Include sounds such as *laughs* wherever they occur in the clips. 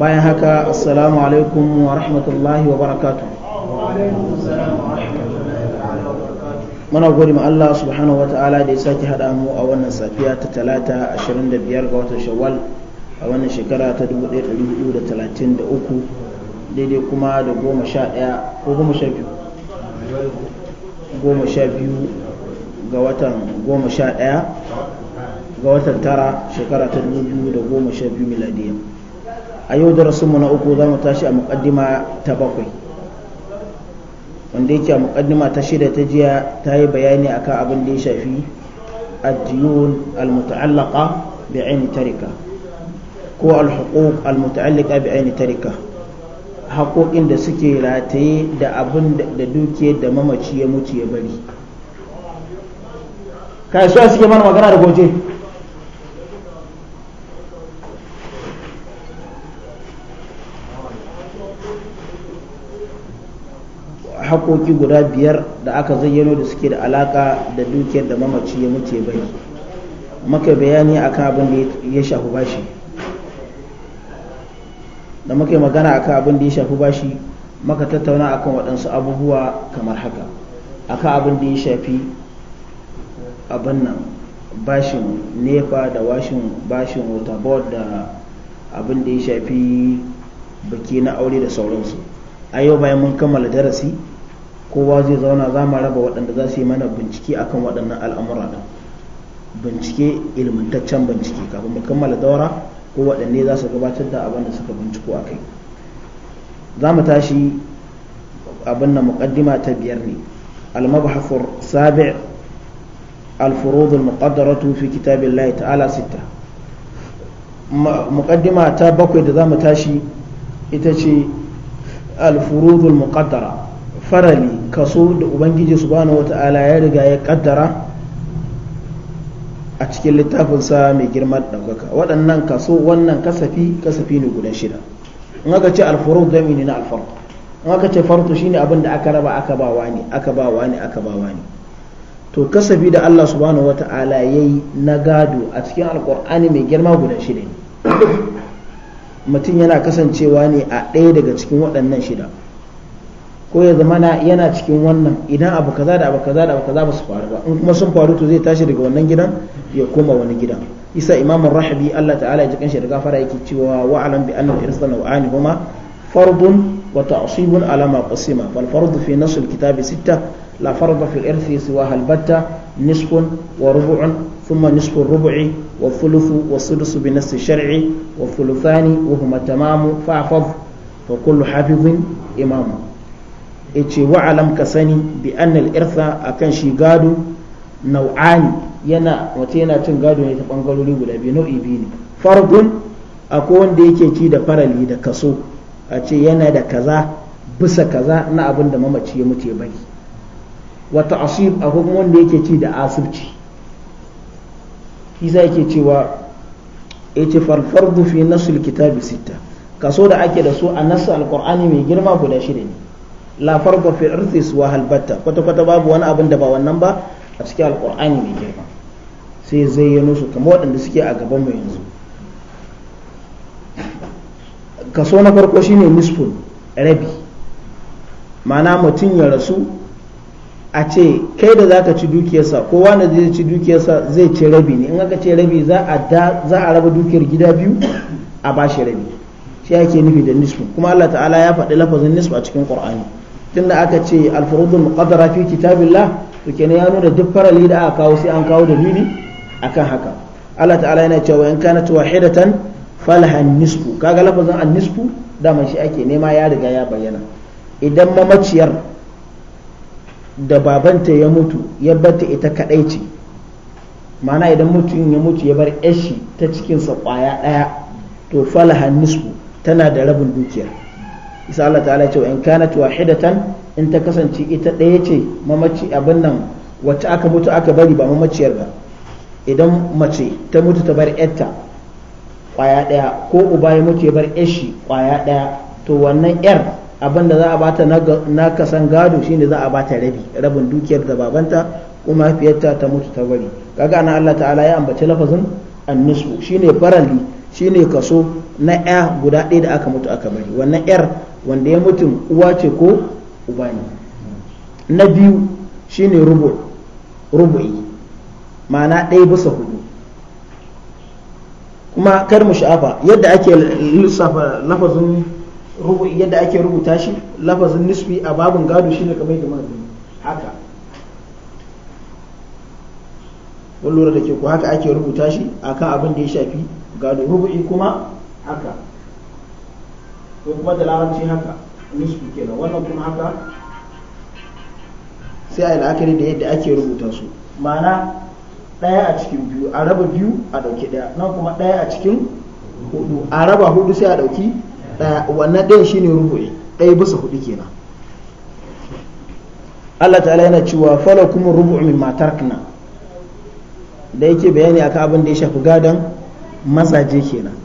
bayan haka assalamu alaikum wa rahmatullahi wa barakatu muna gode ma Allah subhanahu wa ta'ala da ya sake hada mu a wannan safiya ta talata 25 ga watan shawwal a wannan shekara ta 1433 daidai kuma da goma sha ɗaya ko goma sha biyu goma sha biyu ga watan goma sha ɗaya ga watan tara shekara ta biyu miladiyya a yau da rasu na uku za mu tashi a mukaddima ta bakwai wanda yake a muƙaddima ta shida ta jiya ta yi bayani akan abin da ya shafi addiyun almuta'allaka bi aini tarika ko alhuquq almuta'allaka bi aini tarika haƙoƙin da suke rataye da abin da dukiyar da mamaci ya mutu ya bari kai suwa suke mana magana da goje haƙoƙi guda biyar da aka zayyano da suke da alaƙa da dukiyar da mamaci ya mutu ya bari maka bayani akan abin da ya shafi bashi da muka magana akan abin da ya shafi bashi maka tattauna akan waɗansu abubuwa kamar haka akan abin da ya shafi abin nan bashin nefa da washin bashin waterboard da abin da ya shafi biki na aure da sauransu a yau bayan mun kammala darasi kowa zai zauna za mu raba waɗanda za su yi mana bincike akan waɗannan al'amura ɗin bincike ilmantaccen bincike kafin mu kammala daura ko waɗanne za su gabatar da abin da suka binciko a kai za mu tashi abin na muƙaddima ta biyar ne almabhafur sabi الفروض المقدرة في كتاب الله تعالى ستة مقدمة تابك إذا ما تاشي إتشي الفروض المقدرة farali kaso da ubangiji subhanahu wata'ala ya riga ya kaddara a cikin littafinsa mai girman ɗaukaka waɗannan kaso wannan kasafi kasafi ne guda shida in aka ce alfurud zami ne na alfarq in aka ce farto shine abin da aka raba aka ba wani aka ba wani aka ba wani to kasafi da Allah subhanahu wata'ala yayi na gado a cikin alqur'ani mai girma guda shida ne mutum yana kasancewa ne a ɗaya daga cikin waɗannan shida ko ya zama yana cikin wannan idan abu kaza da abu kaza da abu kaza ba su faru ba in kuma sun faru to zai tashi daga wannan gidan ya koma wani gidan isa imamun rahabi Allah ta'ala ya ji kanshi da gafara yake cewa wa alam bi anna irsa nau'ani huma fardun wa ta'sibun ala ma qasima fal fardu fi nasl kitabi sitta la farda fi wa irthi siwa halbatta nisfun wa rubu'un ثم نصف binasi shar'i wa بنص wa والثلثان fafaf تمام فاحفظ فكل حافظ إمامه ya ce wa'alam ka sani bi annal irsa akan shi gado nau'ani yana wata yana cin gado ne ta bangarori guda biyu nau'i biyu ne fargun akwai wanda yake ci da farali da kaso a ce yana da kaza bisa kaza na abin da mamaci ya mutu ya bari wata asib akwai kuma wanda yake ci da asibci kisa yake cewa ya ce farfardu fi nasu kitabi sita kaso da ake da su a nasu alkur'ani mai girma guda shida ne la farqa fi ardi wa halbatta kwata kwata babu wani abin da ba wannan ba a cikin alqur'ani mai girma sai zayyano su kamar waɗanda suke a gaban mu yanzu kaso na farko shine nisfun rabi ma'ana mutum ya rasu a ce kai da zaka ci dukiyarsa kowa da zai ci dukiyarsa zai ci rabi ne in aka ce rabi za a raba dukiyar gida biyu a bashi rabi shi ake nufi da nisfu kuma Allah ta'ala ya faɗi lafazin nisfu a cikin Qur'ani tunda aka ce alfurudul muqaddara fi kitabillah to kenan ya nuna duk farali da aka kawo sai an kawo dalili akan haka Allah ta'ala yana cewa in kanat wahidatan falaha nisfu kaga lafazin an nisfu dama shi ake nema ya riga ya bayyana idan mamaciyar da babanta ya mutu ya bata ita kadai ce ma'ana idan mutum ya mutu ya bar shi ta cikinsa kwaya daya to falaha nisfu tana da rabin dukiyar isa Allah ta'ala ce in kanat wahidatan in ta kasance ita ɗaya ce mamaci abin nan wacce aka mutu aka bari ba mamaciyar ba idan mace ta mutu ta bar yarta kwaya ɗaya ko uba ya mutu ya bar shi kwaya ɗaya to wannan yar abin da za a bata na kasan gado shine za a bata rabi rabin dukiyar da babanta kuma mafiyarta ta mutu ta bari kaga ana Allah ta'ala ya ambaci lafazin annisu shine farali shine kaso na ya guda ɗaya da aka mutu aka bari wannan yar wanda ya mutum uwa ce ko uba ne na biyu shine rubu'i ma'ana ɗaya bisa hudu kuma kar mu sha'afa yadda ake lissafa lafazin rubu'i yadda ake rubuta shi lafazin nisbi a babin gado shine kamar da muka haka wani lura da ke ku haka ake rubuta shi akan abin da ya shafi gado rubu'i kuma haka ko kuma da larabci haka ke kenan wannan kuma haka sai a yi la'akari da yadda ake rubuta su ma'ana ɗaya a cikin biyu a raba biyu a ɗauki ɗaya nan kuma ɗaya a cikin hudu a raba hudu sai a ɗauki ɗaya wannan ɗayan shine rubu'i ɗaya bisa hudu kenan Allah ta'ala yana cewa fala kuma rubu'u min matarkna da yake bayani akan abin da ya shafi gadon mazaje kenan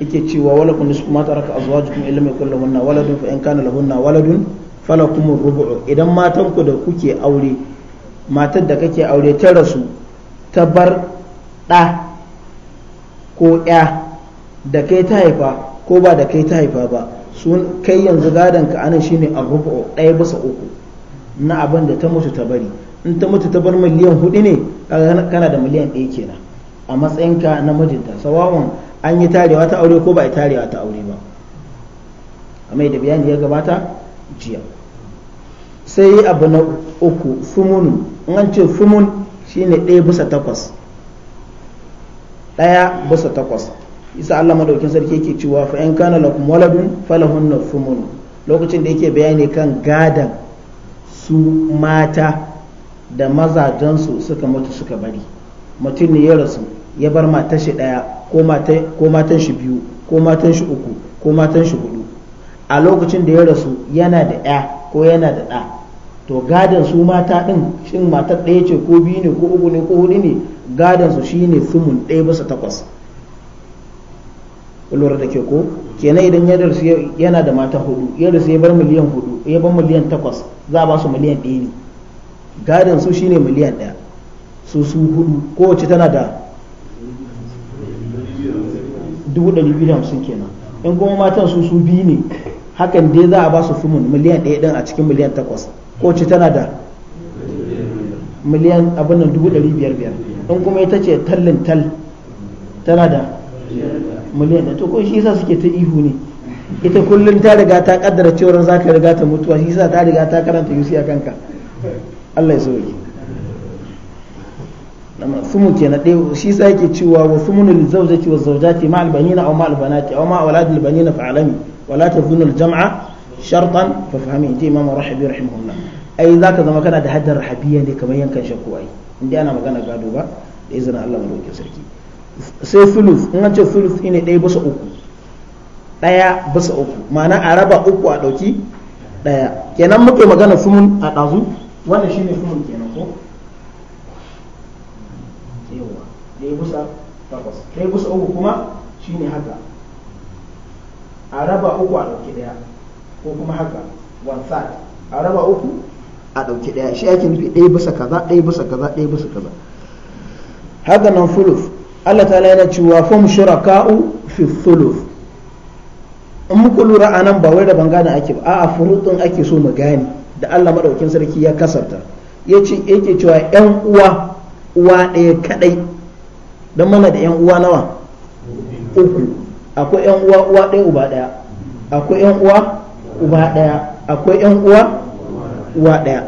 yake cewa wala kun nisfu mata raka azwajukum illa ma yakul lahunna waladun fa in kana lahunna waladun falakum rubu'u idan matan ku da kuke aure matar da kake aure ta rasu ta bar da ko ya da kai ta haifa ko ba da kai ta haifa ba sun kai yanzu gadon ka anan shine a arrubu ɗaya bisa uku na abin da ta mutu ta bari in ta mutu ta bar miliyan hudu ne kana da miliyan ɗaya kenan a matsayinka na mijinta sawa'un an yi tarewa ta aure ko ba a yi tarewa ta aure ba mai da bayani ya gabata jiya sai abu na uku fumunu an ce fumun shine ɗaya bisa takwas ɗaya bisa takwas isa Allah madaukin sarki yake cewa fa in kana lakum waladun na thumunu lokacin da yake bayani kan gadan su mata da mazajensu suka mutu suka bari mutum ne ya rasu ya bar matashi ɗaya ko matan shi biyu ko matan shi uku ko matan shi hudu a lokacin da ya rasu yana da ya ko yana da ɗa to gadon su mata ɗin shin matar ɗaya ce ko biyu ne ko uku ne ko hudu ne gadon su shine sumun ɗaya bisa takwas lura da ke ko kenan idan ya rasu yana da mata hudu ya rasu ya bar miliyan hudu ya bar miliyan takwas za a ba su miliyan ɗaya ne gadon su shine miliyan ɗaya su su hudu kowace tana da dubu ɗari biyu da hamsin kenan in kuma matan su su biyu ne hakan dai za a ba su fumin miliyan ɗaya ɗin a cikin miliyan takwas ko ce tana da miliyan abin nan dubu ɗari biyar biyar in kuma ita ce tallin tal tana da miliyan ɗaya to ko shi yasa suke ta ihu ne ita kullum ta riga ta kaddara cewar za ka riga ta mutuwa shi yasa ta riga ta karanta yusi a kanka Allah ya sauke lama sumu kenan dai shi sa yake cewa wa sumun lil zawjati wa zawjati ma albanina banina aw ma al banati aw ma awlad al banina fa alami wa la tadhunnu al jam'a shartan fa fahmi inji imam rahibi rahimahullah ai zaka zama kana da haddar rahabiyya ne kamar yankan shakku ai inda ana magana gado ba da izinin Allah madaukakin sarki sai sulus in an ce sulus ne ɗaya bisa uku ɗaya bisa uku ma'ana a raba uku a ɗauki ɗaya kenan muke magana sumun a ɗazu wannan shine sumun kenan ko yawa ɗaya busa takwas ɗaya busa uku kuma shine haka a raba uku a ɗauki ɗaya ko kuma haka one third a raba uku a ɗauki ɗaya shi ake nufi ɗaya bisa kaza ɗaya bisa kaza ɗaya bisa kaza haka nan fuluf Allah ta laina cewa fom shuraka'u fi fuluf in muku lura a nan ba wai da ban gane ake ba a'a furutun ake so mu gane da Allah maɗaukin sarki ya kasarta yace yake cewa yan uwa uwa ɗaya kaɗai don mana da 'yan uwa nawa uku akwai 'yan uwa uwa ɗaya uba ɗaya akwai 'yan uwa uba ɗaya akwai 'yan uwa uwa ɗaya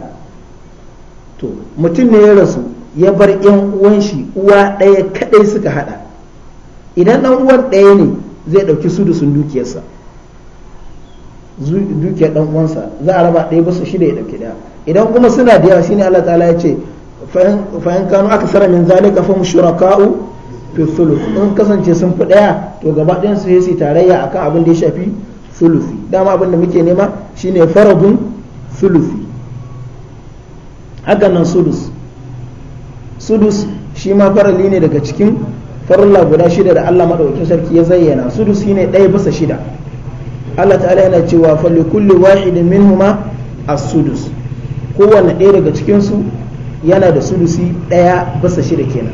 to mutum ne ya rasu ya bar 'yan uwan shi uwa ɗaya kaɗai suka haɗa idan ɗan uwan ɗaya ne zai ɗauki su da sun dukiyarsa dukiyar ɗan uwansa za a raba ɗaya ba shi shida ya ɗauki ɗaya idan kuma suna da yawa shine Allah ta'ala ya ce fahim kanu aka sara min zalika fa shuraka'u fi thuluth in kasance sun fi daya to gaba ɗayan su yi tarayya akan abin da ya shafi thuluthi dama abin da muke nema shine faradun thuluthi haka nan sudus sudus shi ma farali ne daga cikin farla guda shida da Allah madaukakin sarki ya zayyana sudus shine ɗaya bisa shida Allah ta'ala yana cewa fa likulli wahidin minhuma a sudus kowanne ɗaya daga cikin su yana da sulusi ɗaya basa shida kenan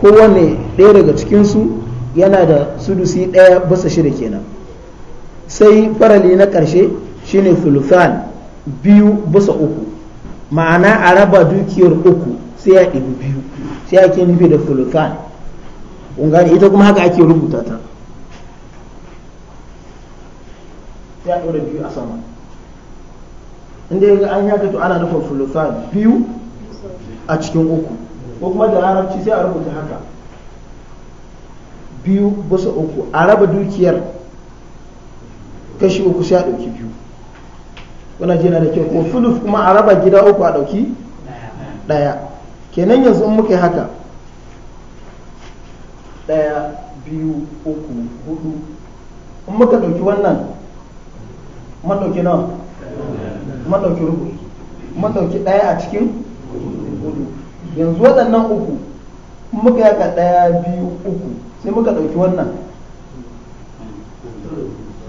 kowane ɗaya daga cikinsu yana da sulusi ɗaya basa shida kenan sai farali na ƙarshe shine sulusan biyu basa uku ma'ana a raba dukiyar uku sai ya ɗibi biyu sai ake nufi da fulfan ita kuma haka ake rubuta ta sai a ɗora biyu a sama inda yanzu an yaka to ana nufin fulufa biyu a cikin uku ko kuma da larabci sai a rubuta haka biyu bisa uku a raba dukiyar kashi uku sai a ɗauki biyu kuna jina da kyau ko fuluf kuma a raba gida uku a ɗauki ɗaya kenan yanzu in muka yi haka ɗaya biyu uku hudu in muka ɗauki wannan man dauki nawa man rubu man ɗaya a cikin hudu yanzu waɗannan uku muka yaka ɗaya biyu uku sai muka ɗauki wannan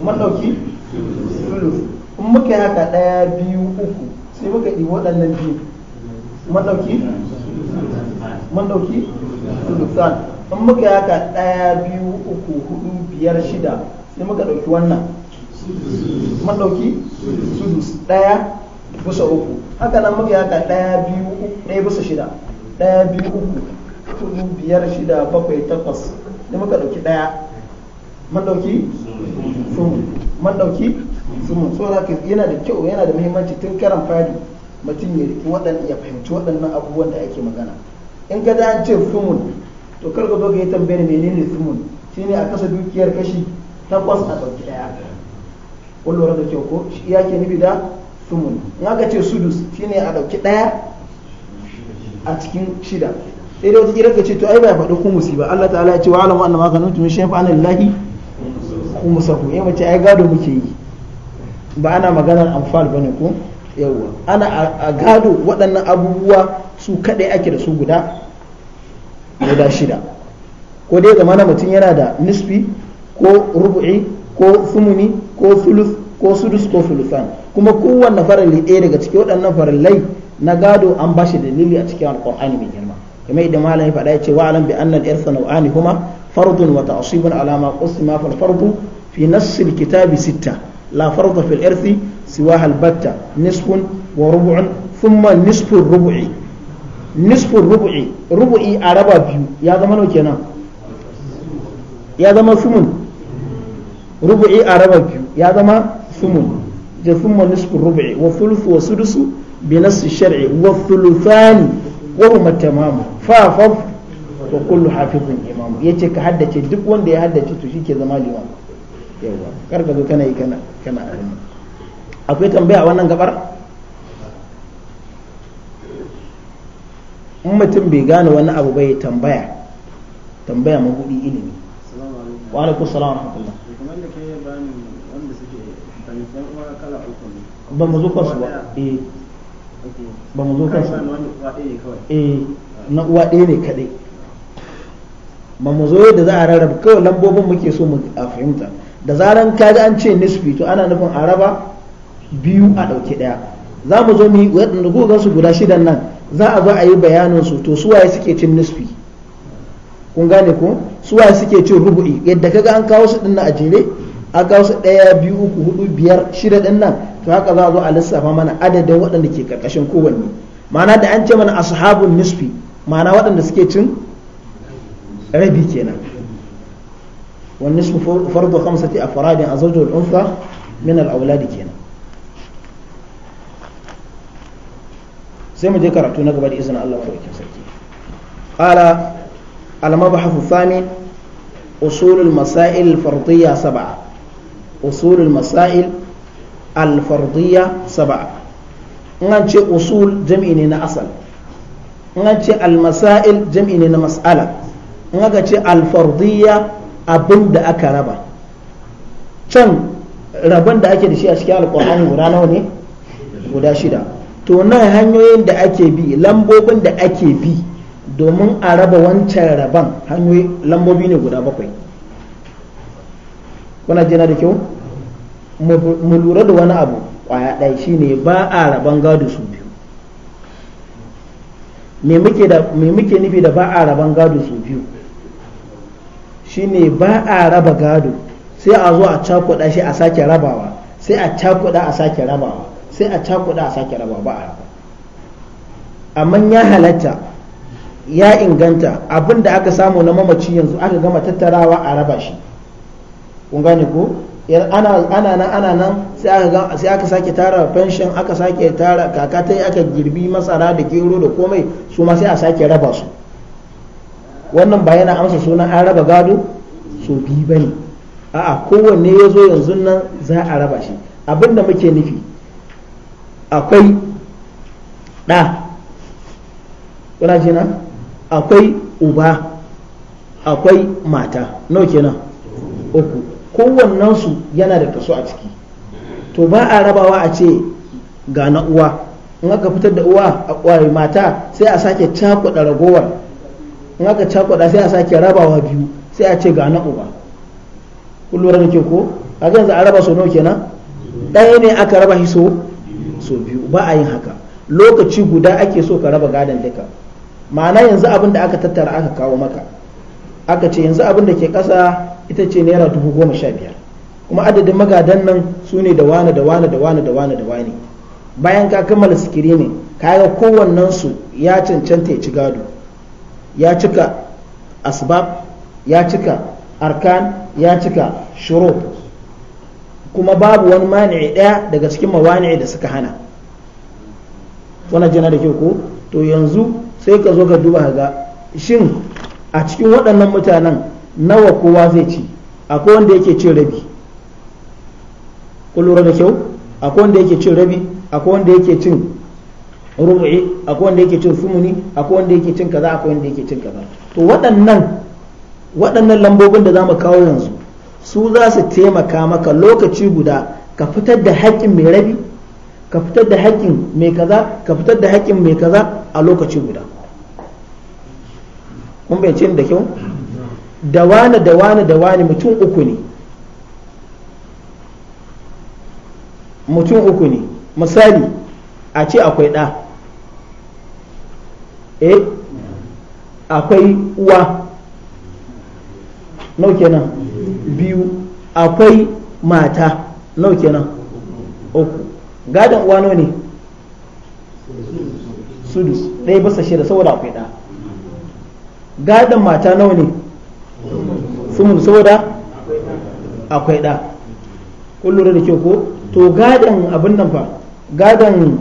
man dauki in muka yaka ɗaya biyu uku sai muka ɗi waɗannan biyu man dauki man in muka yaka ɗaya biyu uku hudu biyar shida sai muka ɗauki wannan mallauki sudus ɗaya bisa uku haka nan muka haka ɗaya biyu uku ɗaya bisa shida ɗaya biyu uku hudu biyar shida bakwai takwas da muka ɗauki ɗaya mallauki ɗauki sumu mun ɗauki sumu so haka yana da kyau yana da muhimmanci tun karan fari mutum ya riƙi waɗanda ya fahimci waɗannan abubuwan da ake magana in ka an ce sumun to kar ka zo ka yi tambayar menene sumun shine a kasa dukiyar kashi takwas a ɗauki ɗaya kun da kyau ko ya ke nufi da sumun ya ga ce sudus ne a ɗauki ɗaya a cikin shida sai dai wata kira ka ce to ai ba ya faɗi kumusi ba Allah ta'ala ya ce wa alamu annama kanu tumin shayin fa'ana lillahi ku ya mace ai gado muke yi ba ana maganar amfal bane ko yawwa ana a gado waɗannan abubuwa su kaɗai ake da su guda guda shida ko dai zamana mutum yana da nisfi ko rubu'i ko sumuni ko sulus ko sudus ko sulusan kuma kowanne farali ɗaya daga cikin waɗannan farallai na gado an ba shi dalili a cikin alƙur'ani mai girma kamar idan malam faɗa ya ce wa alam bi annal irsa nau'ani huma fardun wa ta'sibun ala ma qusima fal fardu fi nass al kitabi sitta la farda fil irsi siwa al batta nisfun wa rub'un thumma nisfu rubu'i nisfu rubu'i rubu'i a biyu ya zama nau kenan ya zama sumun rubu'i a raba biyu ya zama sumun da thumma nisfu rubu'i wa thuluthu wa sudusu bi nassi shar'i wa thuluthani wa huma tamamu fa fa wa kullu hafizun imam yace ka haddace duk wanda ya haddace to shi ke zama liman yawa kar ka zo kana yi kana kana akwai tambaya wannan gabar in mutum bai gane wani abu bai tambaya tambaya mabudi ilimi wa alaikum salam wa rahmatullah wanda ke ba mu zo kansu ba na uwa ɗaya ne kaɗai ba mu yadda za a rarraba kawai lambobin muke so mu a fahimta da zaran kaji an ce nisfi to ana nufin a raba biyu a ɗauki ɗaya za mu zo mu yi waɗanda gogon guda shidan nan za a zo a yi bayanansu to su waye suke cin nisfi kun gane ko suwaye suke cin rubu'i yadda kaga an kawo su dinnan a jere an kawo su ɗaya biyu uku hudu biyar shida dinnan to haka za a zo a lissafa mana adadin waɗanda ke karkashin kowanne ma'ana da an ce mana ashabun nisfi ma'ana waɗanda suke cin rabi kenan wani nisfu fardu khamsati afradin azwajul unsa min al-awlad kenan sai mu je karatu na gaba da izinin Allah madaukakin sarki qala المبحث الثامن أصول المسائل الفرضية سبعة أصول المسائل الفرضية سبعة نانشي أصول جمعينينا أصل نانشي المسائل جمعينينا مسألة نانشي الفرضية أبند أكربا كم ربند أكيد شيء da shi a cikin alkur'ani guda nawa ne guda shida to nan hanyoyin da ake bi lambobin da ake bi domin a raba wancan raban hanyoyi lambobi ne guda bakwai kuna jina da kyau mu lura da wani abu kwaya ɗaya ne ba a raban gado su biyu me muke nufi da ba a raban gado su biyu shi ne ba a raba gado sai a zo a cakuɗa shi a sake rabawa sai a cakuɗa a sake rabawa sai a cakuɗa a sake rabawa ba a raba amma ya halatta ya inganta abin da aka samu na mamaci yanzu aka gama tattarawa a raba shi kun gane ko ana nan ana nan sai aka sake tara fenshin aka sake tara kaka aka girbi masara da gero da komai su ma sai a sake raba su wannan ba yana amsa suna an raba gado so biyu ba ne a'a kowanne ya zo yanzu nan za a raba shi abin da muke nufi akwai ɗa kuna jina akwai uba akwai mata nawa kenan uku kowannensu yana da kaso a ciki to ba a rabawa a ce ga na uwa in aka fitar da uwa a kwari mata sai a sake cakuɗa ragowar in aka cakuɗa sai a sake rabawa biyu sai a ce ga na uba kullum da ke ko a yanzu a raba so nawa kenan ɗaya ne aka raba shi so biyu ba a yin haka lokaci guda ake so ka raba gadon duka ma'ana yanzu abin da aka tattara aka kawo maka aka ce yanzu abin da ke ƙasa ita ce naira dubu goma sha biyar kuma adadin magadan nan su ne da wane da wane da wane da wane da wane bayan ka kammala sikirinin kaga kowannen su ya cancanta ya ci gado ya cika asbab ya cika arkan ya cika shuru kuma babu wani mani'i ɗaya daga cikin mawani'i da suka hana wannan jana da kyau ko to yanzu sai ka zo ka duba ga shin a cikin waɗannan mutanen nawa kowa zai ci akwai wanda yake cin rabi kun da kyau akwai wanda yake cin rabi akwai wanda yake cin rubu'i akwai wanda yake cin sumuni akwai wanda yake cin kaza akwai wanda yake cin kaza to waɗannan waɗannan lambobin da za mu kawo yanzu su za su taimaka maka lokaci guda ka fitar da haƙƙin mai rabi ka fitar da haƙƙin mai kaza ka fitar da haƙƙin mai kaza a lokaci guda kun bai da kyau da wani da wani da wani mutum uku ne mutum uku ne misali a ce akwai ɗa eh akwai uwa nau kenan biyu akwai mata nau kenan uku gadon uwa nau ne sudus ɗaya bisa shida saboda akwai ɗa gadon mata nawa ne sumun saboda akwai ɗa kullum da ke ko to gadon abin nan fa gadon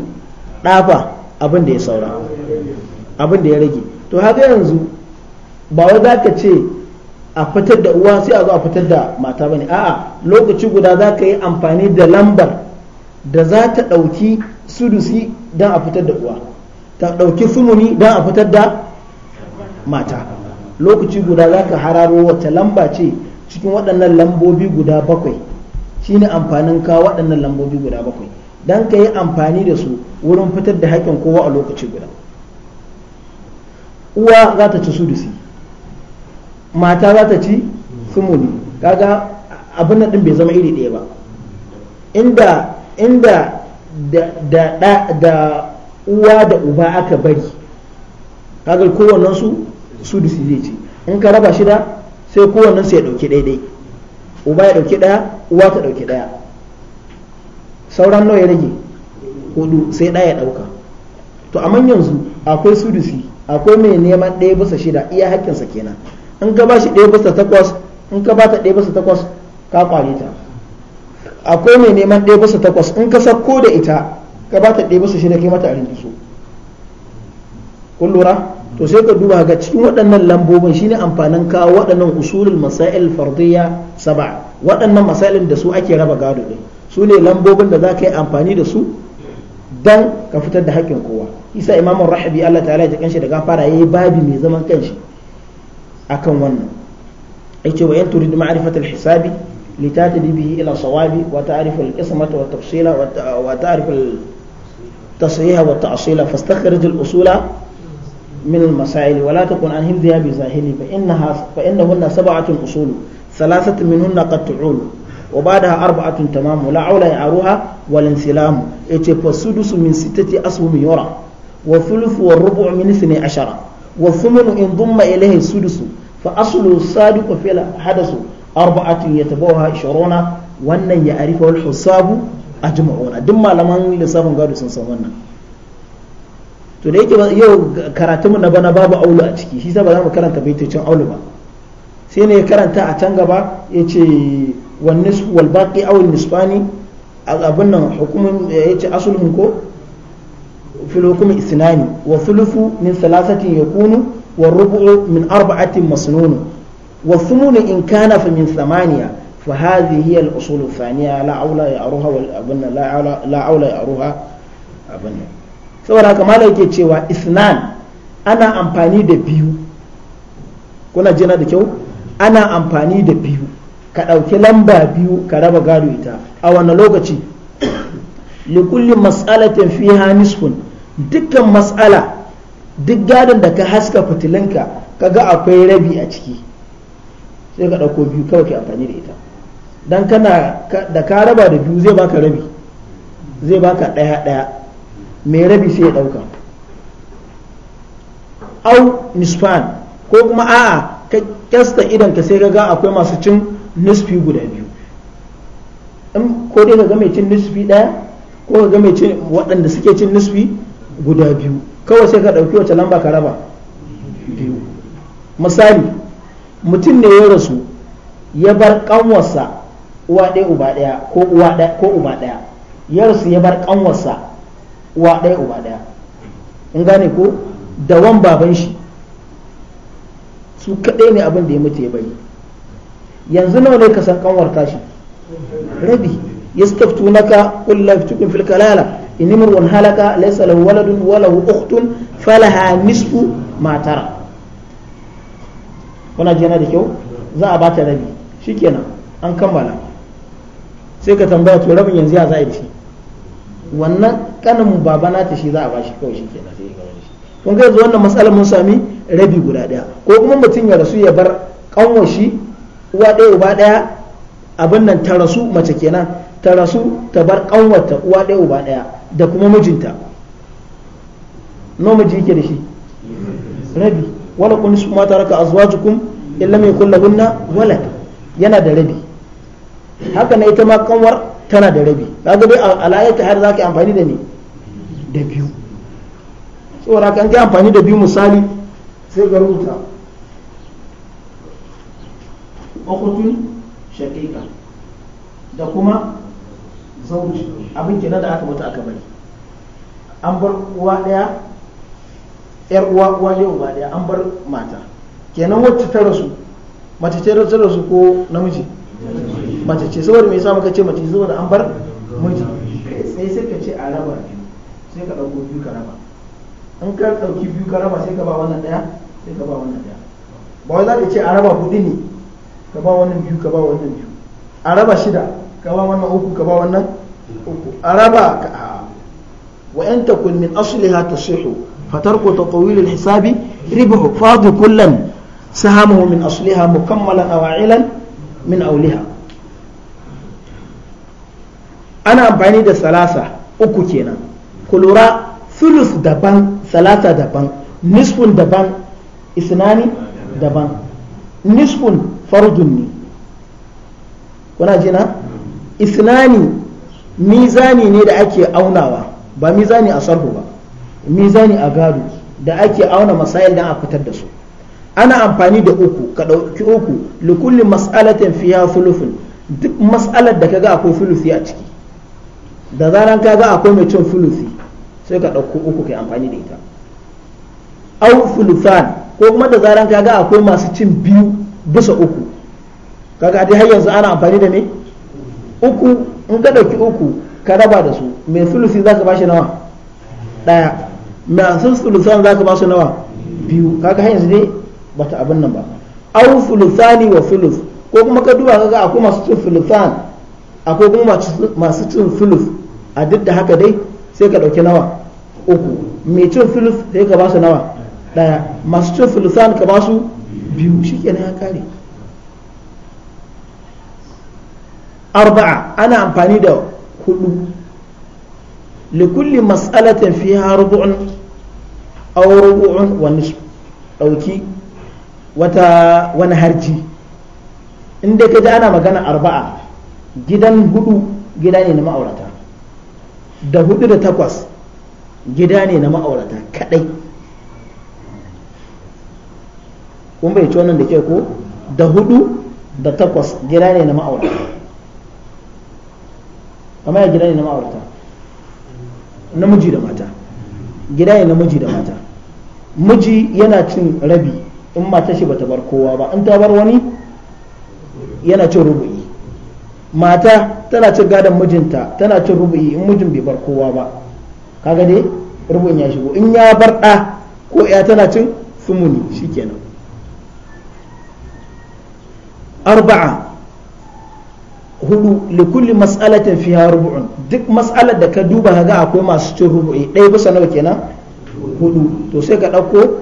ɗafa abin da ya saura abin da ya rage to haka yanzu ba wai za ka ce a fitar da uwa sai a zo a fitar da mata ba ne? a'a lokaci guda za ka yi amfani da lambar da za ta ɗauki sudusi don a fitar da uwa ta ɗauki sumuni don a fitar da mata lokaci guda za ka hararo wata lamba ce cikin waɗannan lambobi guda bakwai shine amfanin ka waɗannan lambobi guda bakwai don ka yi amfani da su wurin fitar da haƙƙin kowa a lokaci guda uwa za ta ci sudusi mata za ta ci sumuni kaga abin nan ɗin bai zama iri ɗaya ba inda inda da, da uwa da uba aka bari kaga kowannensu sudusi zai ci in ka raba shida sai kowannen sai ya dauki daidai uba ya dauki daya uwa ta dauki daya sauran nawa ya rage hudu sai daya ya dauka to amma yanzu akwai sudusi akwai mai neman ɗaya bisa shida iya haƙƙinsa kenan in ka bashi ɗaya bisa takwas in ka bata ɗaya bisa takwas ka kware ta akwai mai neman ɗaya bisa takwas in ka sako da ita ka bata ɗaya bisa shida kai mata a rinjisu kun lura to sai ka duba ga cikin waɗannan lambobin shine amfanin kawo waɗannan usulul masail fardiyya saba waɗannan masailin da su ake raba gado din su ne lambobin da za ka yi amfani da su dan ka fitar da haƙƙin kowa isa imamun rahabi Allah ta'ala ya kanshi da gafara yayi babi mai zaman kanshi akan wannan ai ce wa yan turid ma'rifatul hisabi litatadi bihi ila sawabi wa ta'rifu qismata wa tafsila wa ta'rifu tasriha wa ta'sila fastakhrij al-usula من المسائل ولا تكن عن حفظها بزاهلي فإنها فإنهن سبعة أصول ثلاثة منهن قد تعول وبعدها أربعة تمام لا عول يعروها والانسلام فالسدس من ستة أسهم يرى والثلث والربع من اثني عشر والثمن إن ضم إليه السدس فأصل الصادق في الحدث أربعة يتبوها عشرون وأن يعرفه الحساب أجمعون دم لمن لسافن قالوا سنصونا to da yake yau karatunmu na bana babu aulu a ciki shi ba za mu karanta baitocin aulu ba sai ne ya karanta a can gaba ya ce wannis wal baqi aw nisfani abin nan hukumin eh, ya ce asulhun ko fil wa thuluthu min thalathatin yakunu wa rubu'u min arba'atin masnun wa thumunu in kana fa min samaniya fa hadhihi hiya al usul thaniya la aula ya aruha wal abin la aula ya aruha saboda haka malam yake cewa isnan ana amfani da biyu kuna jina da kyau ana amfani da biyu ka ɗauki lamba biyu ka raba gado ita a wani lokaci *coughs* likulli mas'alatin fi nisfun dukkan mas'ala duk gadon da ka haska fitilinka kaga akwai rabi a ciki sai ka ɗauko biyu kawai ka amfani da ita dan kana da ka raba da biyu zai baka rabi zai baka ɗaya ɗaya mai rabi sai ya ɗauka au nisfan ko kuma a'a ka kyasta idan ka sai ga akwai masu cin nisfi guda biyu ko dai ka ga mai cin nisfi ɗaya ko ka ga mai cin waɗanda suke cin nisfi guda biyu kawai sai ka ɗauki wacce lamba ka raba biyu misali mutum ne ya rasu ya bar ƙanwarsa uwa ɗaya uba ɗaya ko uba ɗaya ya rasu ya bar ƙanwarsa uwa ɗaya uba ɗaya in gane ko da wan baban shi su kaɗai ne abin da ya mutu ya bari yanzu nawa ne ka san kanwar tashi rabi ya yastaftunaka qul kulla yaftukum fil kalala in wani halaka laisa lahu waladun wa uktun ukhtun falaha nisfu matara kuna jina da kyau za a bata rabi shikenan an kammala sai ka tambaya to rabin yanzu ya za a yi da shi wannan kanin baba nata shi za a bashi kawai shi kenan sai ga shi kun ga yanzu wannan matsalar mun sami rabi guda daya ko kuma mutum ya rasu ya bar kanwar shi uwa ɗaya uba ɗaya abin nan ta rasu mace kenan ta rasu ta bar ta uwa ɗaya uba ɗaya da kuma mijinta no miji yake da shi rabi wala kun su mata raka azwajukum illa mai kullahunna walad yana da rabi haka na ita ma kanwar tana da rabi kaga dai ta har za ka yi amfani da ni da biyu saboda kan ka amfani da biyu misali sai ga rubuta ukhtun shaƙiƙa da kuma zauji abin kenan da aka mutu aka bari an bar uwa daya yar uwa uwa ne uba daya an bar mata kenan wacce ta rasu mace ce ta rasu ko namiji mace ce saboda me yasa muka ce mace saboda an bar miji sai sai ka ce a raba sai ka dauko biyu ka raba in ka dauki biyu ka raba sai ka ba wannan daya sai ka ba wannan daya ba wai za ka ce a raba hudu ne ka ba wannan biyu ka ba wannan biyu a raba shida ka ba wannan uku ka ba wannan uku a raba ka a wa in takun min asliha tasihu fatarku tatawil alhisabi ribahu fadu kullan sahamuhu min asliha mukammalan aw ailan min awliha ana amfani da salasa uku kenan ku lura daban salasa daban nisfun daban isnani daban nisfun fardun ne kuna jina isnani mizani ne da ake aunawa ba mizani a sarhu ba mizani a gado da ake auna masayil dan a fitar da su ana amfani da uku ka ɗauki uku likulli mas'alatin fiya sulufin duk mas'alar da kaga akwai thuluthi a ciki da zaran ka ga akwai mai cin fulusi sai ka ɗauko uku kai amfani da ita au fulusan ko kuma da zaran ka ga akwai masu cin biyu bisa uku kaga dai har yanzu ana amfani da me uku in ka ɗauki uku ka raba da su mai fulusi za ka ba shi nawa ɗaya masu fulusan za ka ba su nawa biyu kaga har yanzu dai bata abin nan ba au fulusani wa fulus ko kuma ka duba ka ga akwai masu cin fulusan akwai kuma masu cin sulus a duk da haka dai sai ka ɗauki nawa uku mai cin sulus sai ka basu nawa ɗaya masu cin filufan ka basu biyu shi kenan ya kare arba'a ana amfani da hudu likulli mas'alatin fi harbu'un aw rubu'un wa nisf dauki wata wani harji inda ka ji ana magana arba'a gidan hudu gida ne na ma'aurata da hudu da takwas gida ne na ma'aurata kadai kun bai ci wannan da ke ko da hudu da takwas gida ne na ma'aurata amma ya gida ne na ma'aurata namiji da mata gida ne namiji da mata miji yana cin rabi in mata shi bata bar kowa ba in ta bar wani yana cin rubu'i mata tana cin gadon mijinta tana cin rubu'i in mijin bai bar kowa ba kaga dai rubun ya shigo in ya bar ɗa ko ya tana cin sumuni shikenan arba'a hudu likulli mas'alatin fiha rubu'un duk mas'alar da ka duba kaga akwai masu cin rubu'i ɗaya bisa nawa kenan hudu to sai ka ɗauko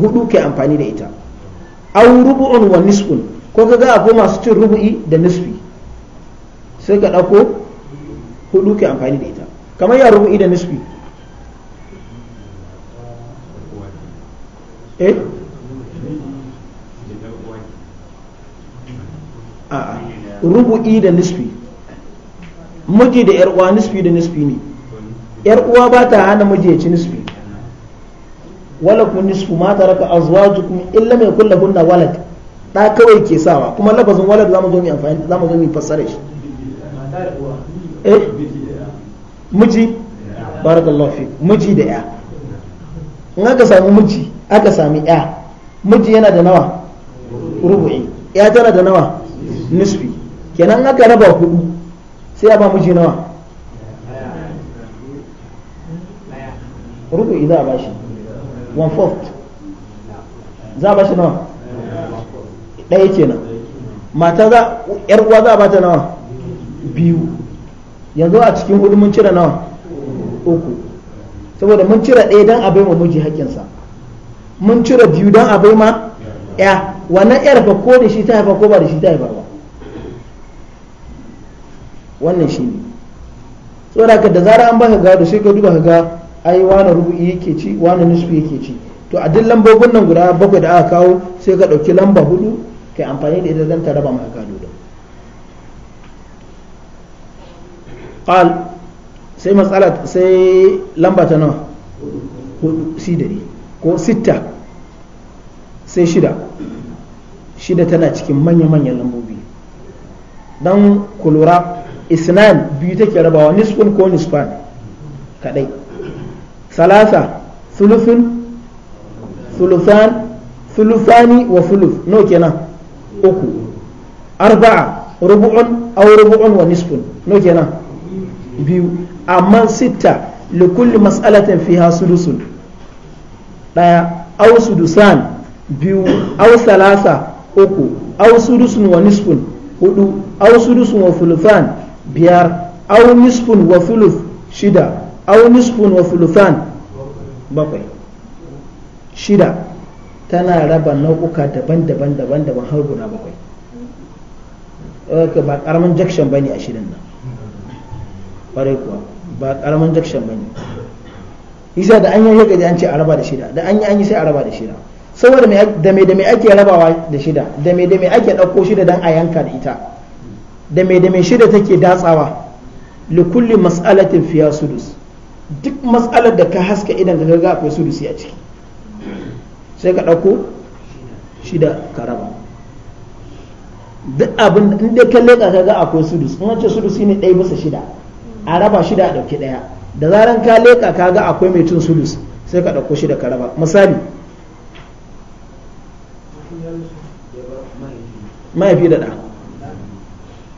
hudu ke amfani da ita au rubu'un wa nisfun ko ka ga akwai masu cin rubu'i da nisfi sai ka ɗauko hudu ke amfani da ita kamar ya rubu'i da nisfi eh rubu'i da nisfi miji da yar uwa nisfi da nisfi ne yar uwa ba ta hana miji ya ci nisfi wala kun nisfu ma taraka azwajukum illa ma yakul walad da kawai ke sawa kuma lafazin walad zamu zo mu amfani zamu zo mu fassara shi eh miji barakallahu fi miji da ya in aka samu miji aka sami ya miji yana da nawa rubu'i ya tana da nawa nisfi kenan aka raba hudu sai ya ba miji nawa rubu'i za a bashi one fourth za a bashi nawa ɗaya kenan mata za yar uwa za a bata nawa biyu yanzu a cikin hudu mun cire nawa uku saboda mun cire ɗaya don a baima miji haƙƙinsa mun cire biyu don a baima ya wannan yar fa ko da shi ta haifa ko ba da shi ta haifa ba wannan shi ne saboda ka da zara an baka gado sai ka duba ka ga ai wani rubu'i yake ci wani nisfi yake ci to a duk lambobin nan guda bakwai da aka kawo sai ka ɗauki lamba hudu kai amfani da ita zan ta raba maka da qal sai matsala sai lamba ta nawa hudu sidari ko sitta sai shida shida tana cikin manya-manyan lambobi don kulura isnan biyu take rabawa nisfun ko nisfan kadai salasa thuluthun thuluthan thuluthani wa thuluth no kenan uku arba'a rubu'un aw rubu'un wa nisfun no kenan biyu amma sitta li kulli mas'alatin fiha sudusun daya aw sudusan biyu aw salasa uku aw sudusun wa nisfun hudu aw sudusun wa fulfan biyar aw nisfun wa fuluf shida aw nisfun wa fulfan bakwai shida tana raba nau'uka daban-daban daban-daban har guda bakwai ba karamin jakshan bane a shirin nan ƙwarai kuwa ba karamin jakshan bane isa da an yi gaji an ce a raba da shida da an yi an yi sai a raba da shida saboda da me da me ake rabawa da shida da me da me ake ɗauko shida dan a yanka da ita da me da me shida take datsawa kulli mas'alatin fiya sudus duk mas'alar da ka haska idan ka ga akwai sudusi a ciki sai ka ɗauko shida ka raba duk abin in dai ka leƙa ka ga akwai sudus in wance sudus ne ɗaya bisa shida a raba shida a ɗauki ɗaya da zaran ka leƙa ka ga akwai mai cin sudus sai ka ɗauko shida ka raba misali mahaifi da ɗa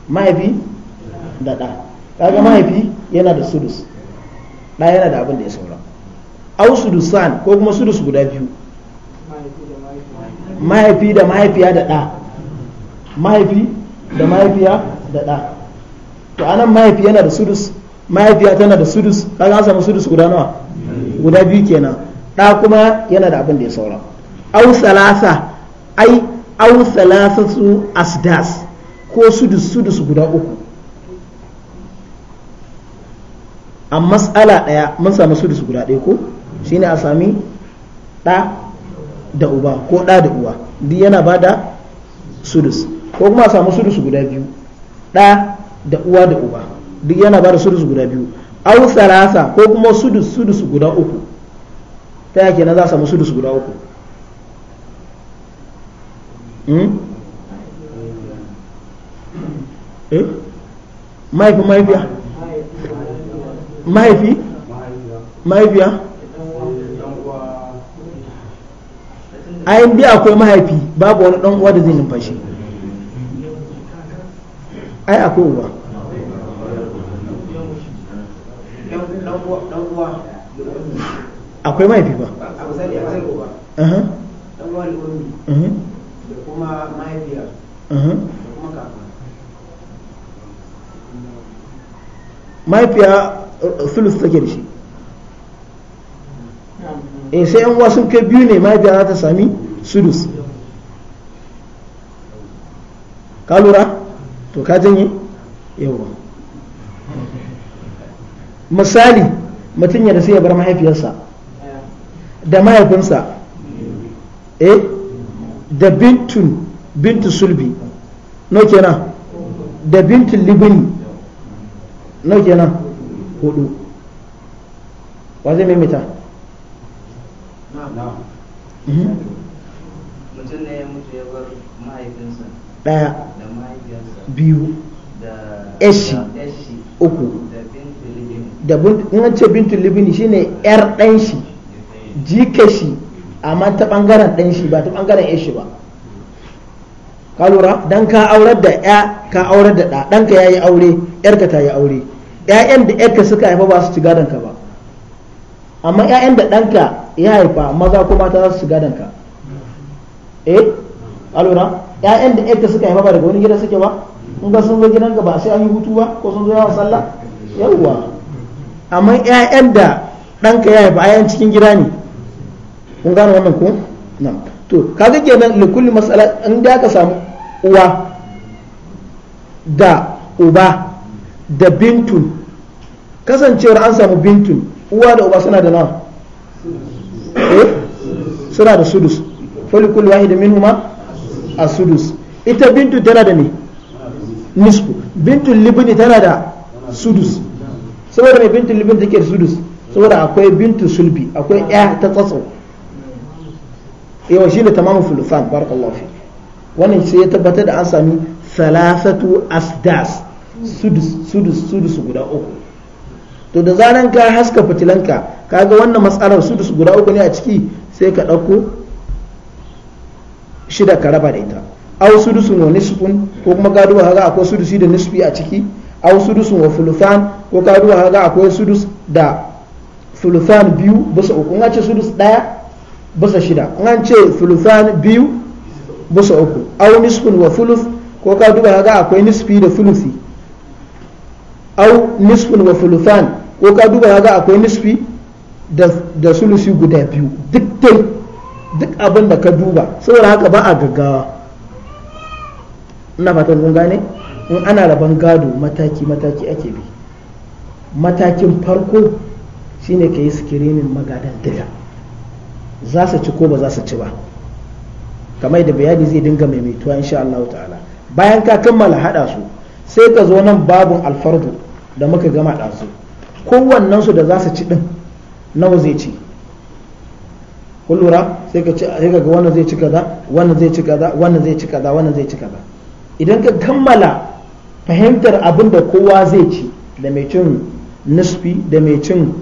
mahaifi da ɗa kaga mahaifi yana da sudus ɗa yana da abin da ya saura au sudusan ko kuma sudus guda biyu mahaifi da mahaifiya da ɗa mahaifi da mahaifiya da ɗa to anan mahaifi yana da sudus mahaifiya tana da sudus kaga an samu sudus guda nawa guda biyu kenan ɗa kuma yana da abin da ya saura au salasa ai au salasa su asdas ko sudus sudus guda uku a matsala ɗaya mun samu sudus guda ɗaya ko shine a sami ɗa da uba ko ɗa da uwa duk yana ba da sudus ko kuma samu sudus guda biyu ɗa da uwa da uba duk yana ba da sudus guda biyu au salasa ko kuma sudus sudus guda uku ta yake na za samu sudus guda uku hmm? eh? mahaifi mahaifiya mahaifi mahaifiya a yin biya akwai mahaifi babu wani ɗan uwa da zai numfashi ai akwai uwa akwai mahaifi ba mahaifiya uh, sulus take da shi eh sai yan wasu kai biyu ne mahaifiya za ta sami sudus ka lura to ka janye yawa misali mutum ya da sai ya bar mahaifiyarsa da mahaifinsa eh da bintun bintu sulbi no kenan da bintun libini no kenan hudu wa zai maimaita Mhm. mutum ne ya mutu ya bar mahaifinsa ɗaya da mahaifiyarsa biyu da eshi uku da in da bintu libini shine yar ɗan shi shi amma ta ɓangaren ɗan shi ba ta ɓangaren eshi ba ka lura dan ka aurar da ya ka aurar da ɗa ɗanka ya yi aure yarka ta yi aure ƴaƴan da yarka suka haifa ba su ci gadon ka ba amma 'ya'yan da ɗanka ya haifa maza ko mata za su shiga danka eh alura 'ya'yan da ɗanka suka haifa ba daga wani gida suke ba in ga sun zo gidan ba sai an yi hutu ba ko sun zo yawon sallah yawwa amma 'ya'yan da ɗanka ya haifa ayan cikin gida ne kun gane wannan ko na'am to ga kenan li kulli mas'ala in da ka samu uwa da uba da bintun kasancewar an samu bintun uwa da uba suna da nawa eh? suna da sudus falikul wahid minhuma a sudus ita bintu tana da ne nisku. bintu libni tana da sudus saboda mai bintu libni take da sudus saboda akwai bintu sulbi akwai ya ta tsatso yawa shi ne tamamu fulufan barakallahu fi wannan sai ya tabbatar da an sami salasatu asdas sudus sudus sudus guda uku to da zaran ka haska fitilanka kaga wannan matsalar su da su guda uku ne a ciki sai ka ɗauko shida ka raba da ita aw sudusun wa nisfun ko kuma ka duba kaga akwai sudusi da nisfi a ciki aw sudusun wa fulufan ko ka duba kaga akwai sudus da fulufan biyu bisa uku in ce sudus ɗaya bisa shida in ce fulufan biyu bisa uku aw nisfun wa fuluf ko ka duba kaga akwai nisfi da fulufi aw nisfun wa fulufan ko ka duba ya ga akwai nisfi da sulusi guda biyu duk dai duk abin da ka duba saboda haka ba a gaggawa ina fatan kun gane in ana rabon gado mataki mataki ake bi matakin farko shine ka yi sikirinin magadan duka za su ci ko ba za su ci ba kamar da bayani zai dinga maimaituwa insha Allah ta'ala bayan ka kammala hada su sai ka zo nan babun alfardu da muka gama ɗazu kowannensu da za su ci din nawa zai ci kun lura sai ka ga wannan zai ci kaza wannan zai ci kaza wannan zai ci kaza wannan zai ci kaza idan ka kammala fahimtar abin da kowa zai ci da mai cin nisfi da mai cin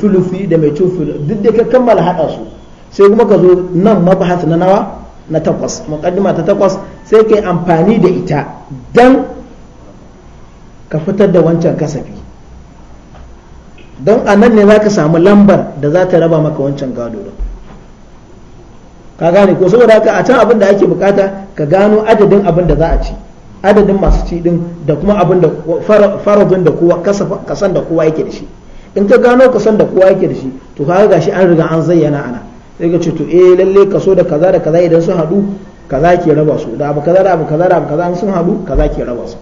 sulufi da mai cin sulufi duk da ka kammala haɗa su sai kuma ka zo nan mabahas na nawa na takwas muqaddima ta takwas sai ka yi amfani da ita dan ka fitar da wancan kasafi don a nan ne za ka samu lambar da za ta raba maka wancan gado da ka gane ko saboda haka a can abin da ake bukata ka gano adadin abin da za a ci adadin masu ci din da kuma abin da faradun da kowa kasan da kowa yake da shi in ka gano kasan da kowa yake da shi to ga gashi an riga an zayyana ana sai ka ce to eh lalle kaso da kaza da kaza idan sun haɗu kaza ke raba su da abu kaza da abu kaza da abu kaza sun haɗu kaza ke raba su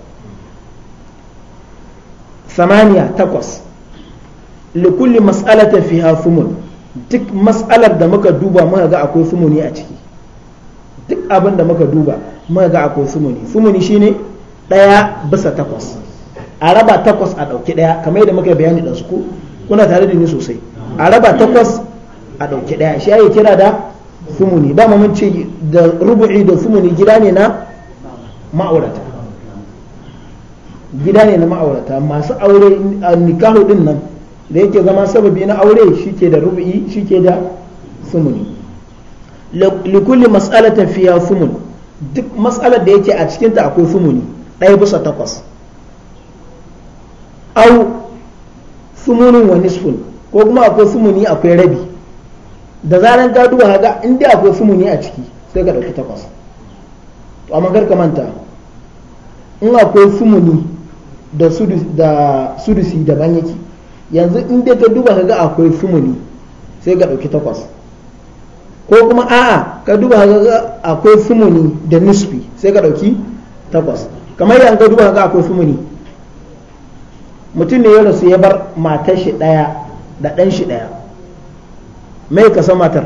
samaniya takwas likulli mas'alata fiha fumun duk mas'alar da muka duba muka ga akwai sumuni a ciki duk abin da muka duba muka ga akwai sumuni sumuni shine daya bisa takwas a raba takwas a dauki daya kamar yadda muka bayani da su kuna tare da ni sosai a raba takwas a dauki daya shi ya kira da sumuni mu mun ce da rubu'i da sumuni gida ne na ma'aurata gida ne na ma'aurata masu aure nikahu din nan da yake zama sababi na aure shi ke da rubu'i shi ke da sumuni likulli mas'alata fiya sumun duk mas'alar da yake a cikinta akwai sumuni ɗaya bisa takwas au sumunin wa nisfun ko kuma akwai sumuni akwai rabi da zaran ka duba haka in dai akwai sumuni a ciki sai ka ɗauki takwas to amma kar ka manta in akwai sumuni da sudusi daban yake yanzu in dai ka duba kaga akwai sumuni sai ka ɗauki takwas ko kuma a'a ka duba kaga akwai sumuni da nisfi sai ka ɗauki takwas kamar yanzu ka duba kaga akwai sumuni mutum ne ya rasu ya bar matar shi ɗaya da ɗan shi ɗaya mai kasa matar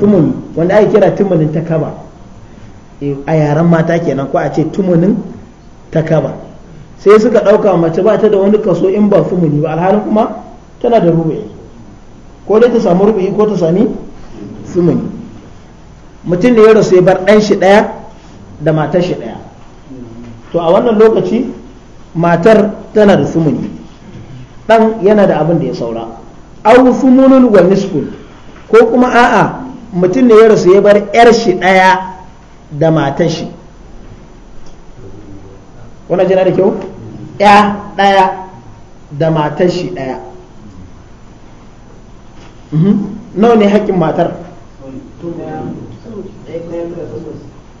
sumuni wanda ake kira tumunin takaba eh, a yaren mata kenan ko a ce tumunin takaba sai suka ɗauka mace ba ta da wani kaso in ba fumuli ba alhalin kuma tana da rubu'i ko dai ta samu rubu'i ko ta sami fumuli mutum da ya rasu ya bar ɗan shi ɗaya da matar shi ɗaya to a wannan lokaci matar tana da fumuli ɗan yana da abin da ya saura au fumunul wa school. ko kuma a'a mutum da ya rasu ya bar 'yar shi ɗaya da matar shi wannan jana da kyau ya ɗaya da matar shi ɗaya mhm. nawa ne haƙƙin matar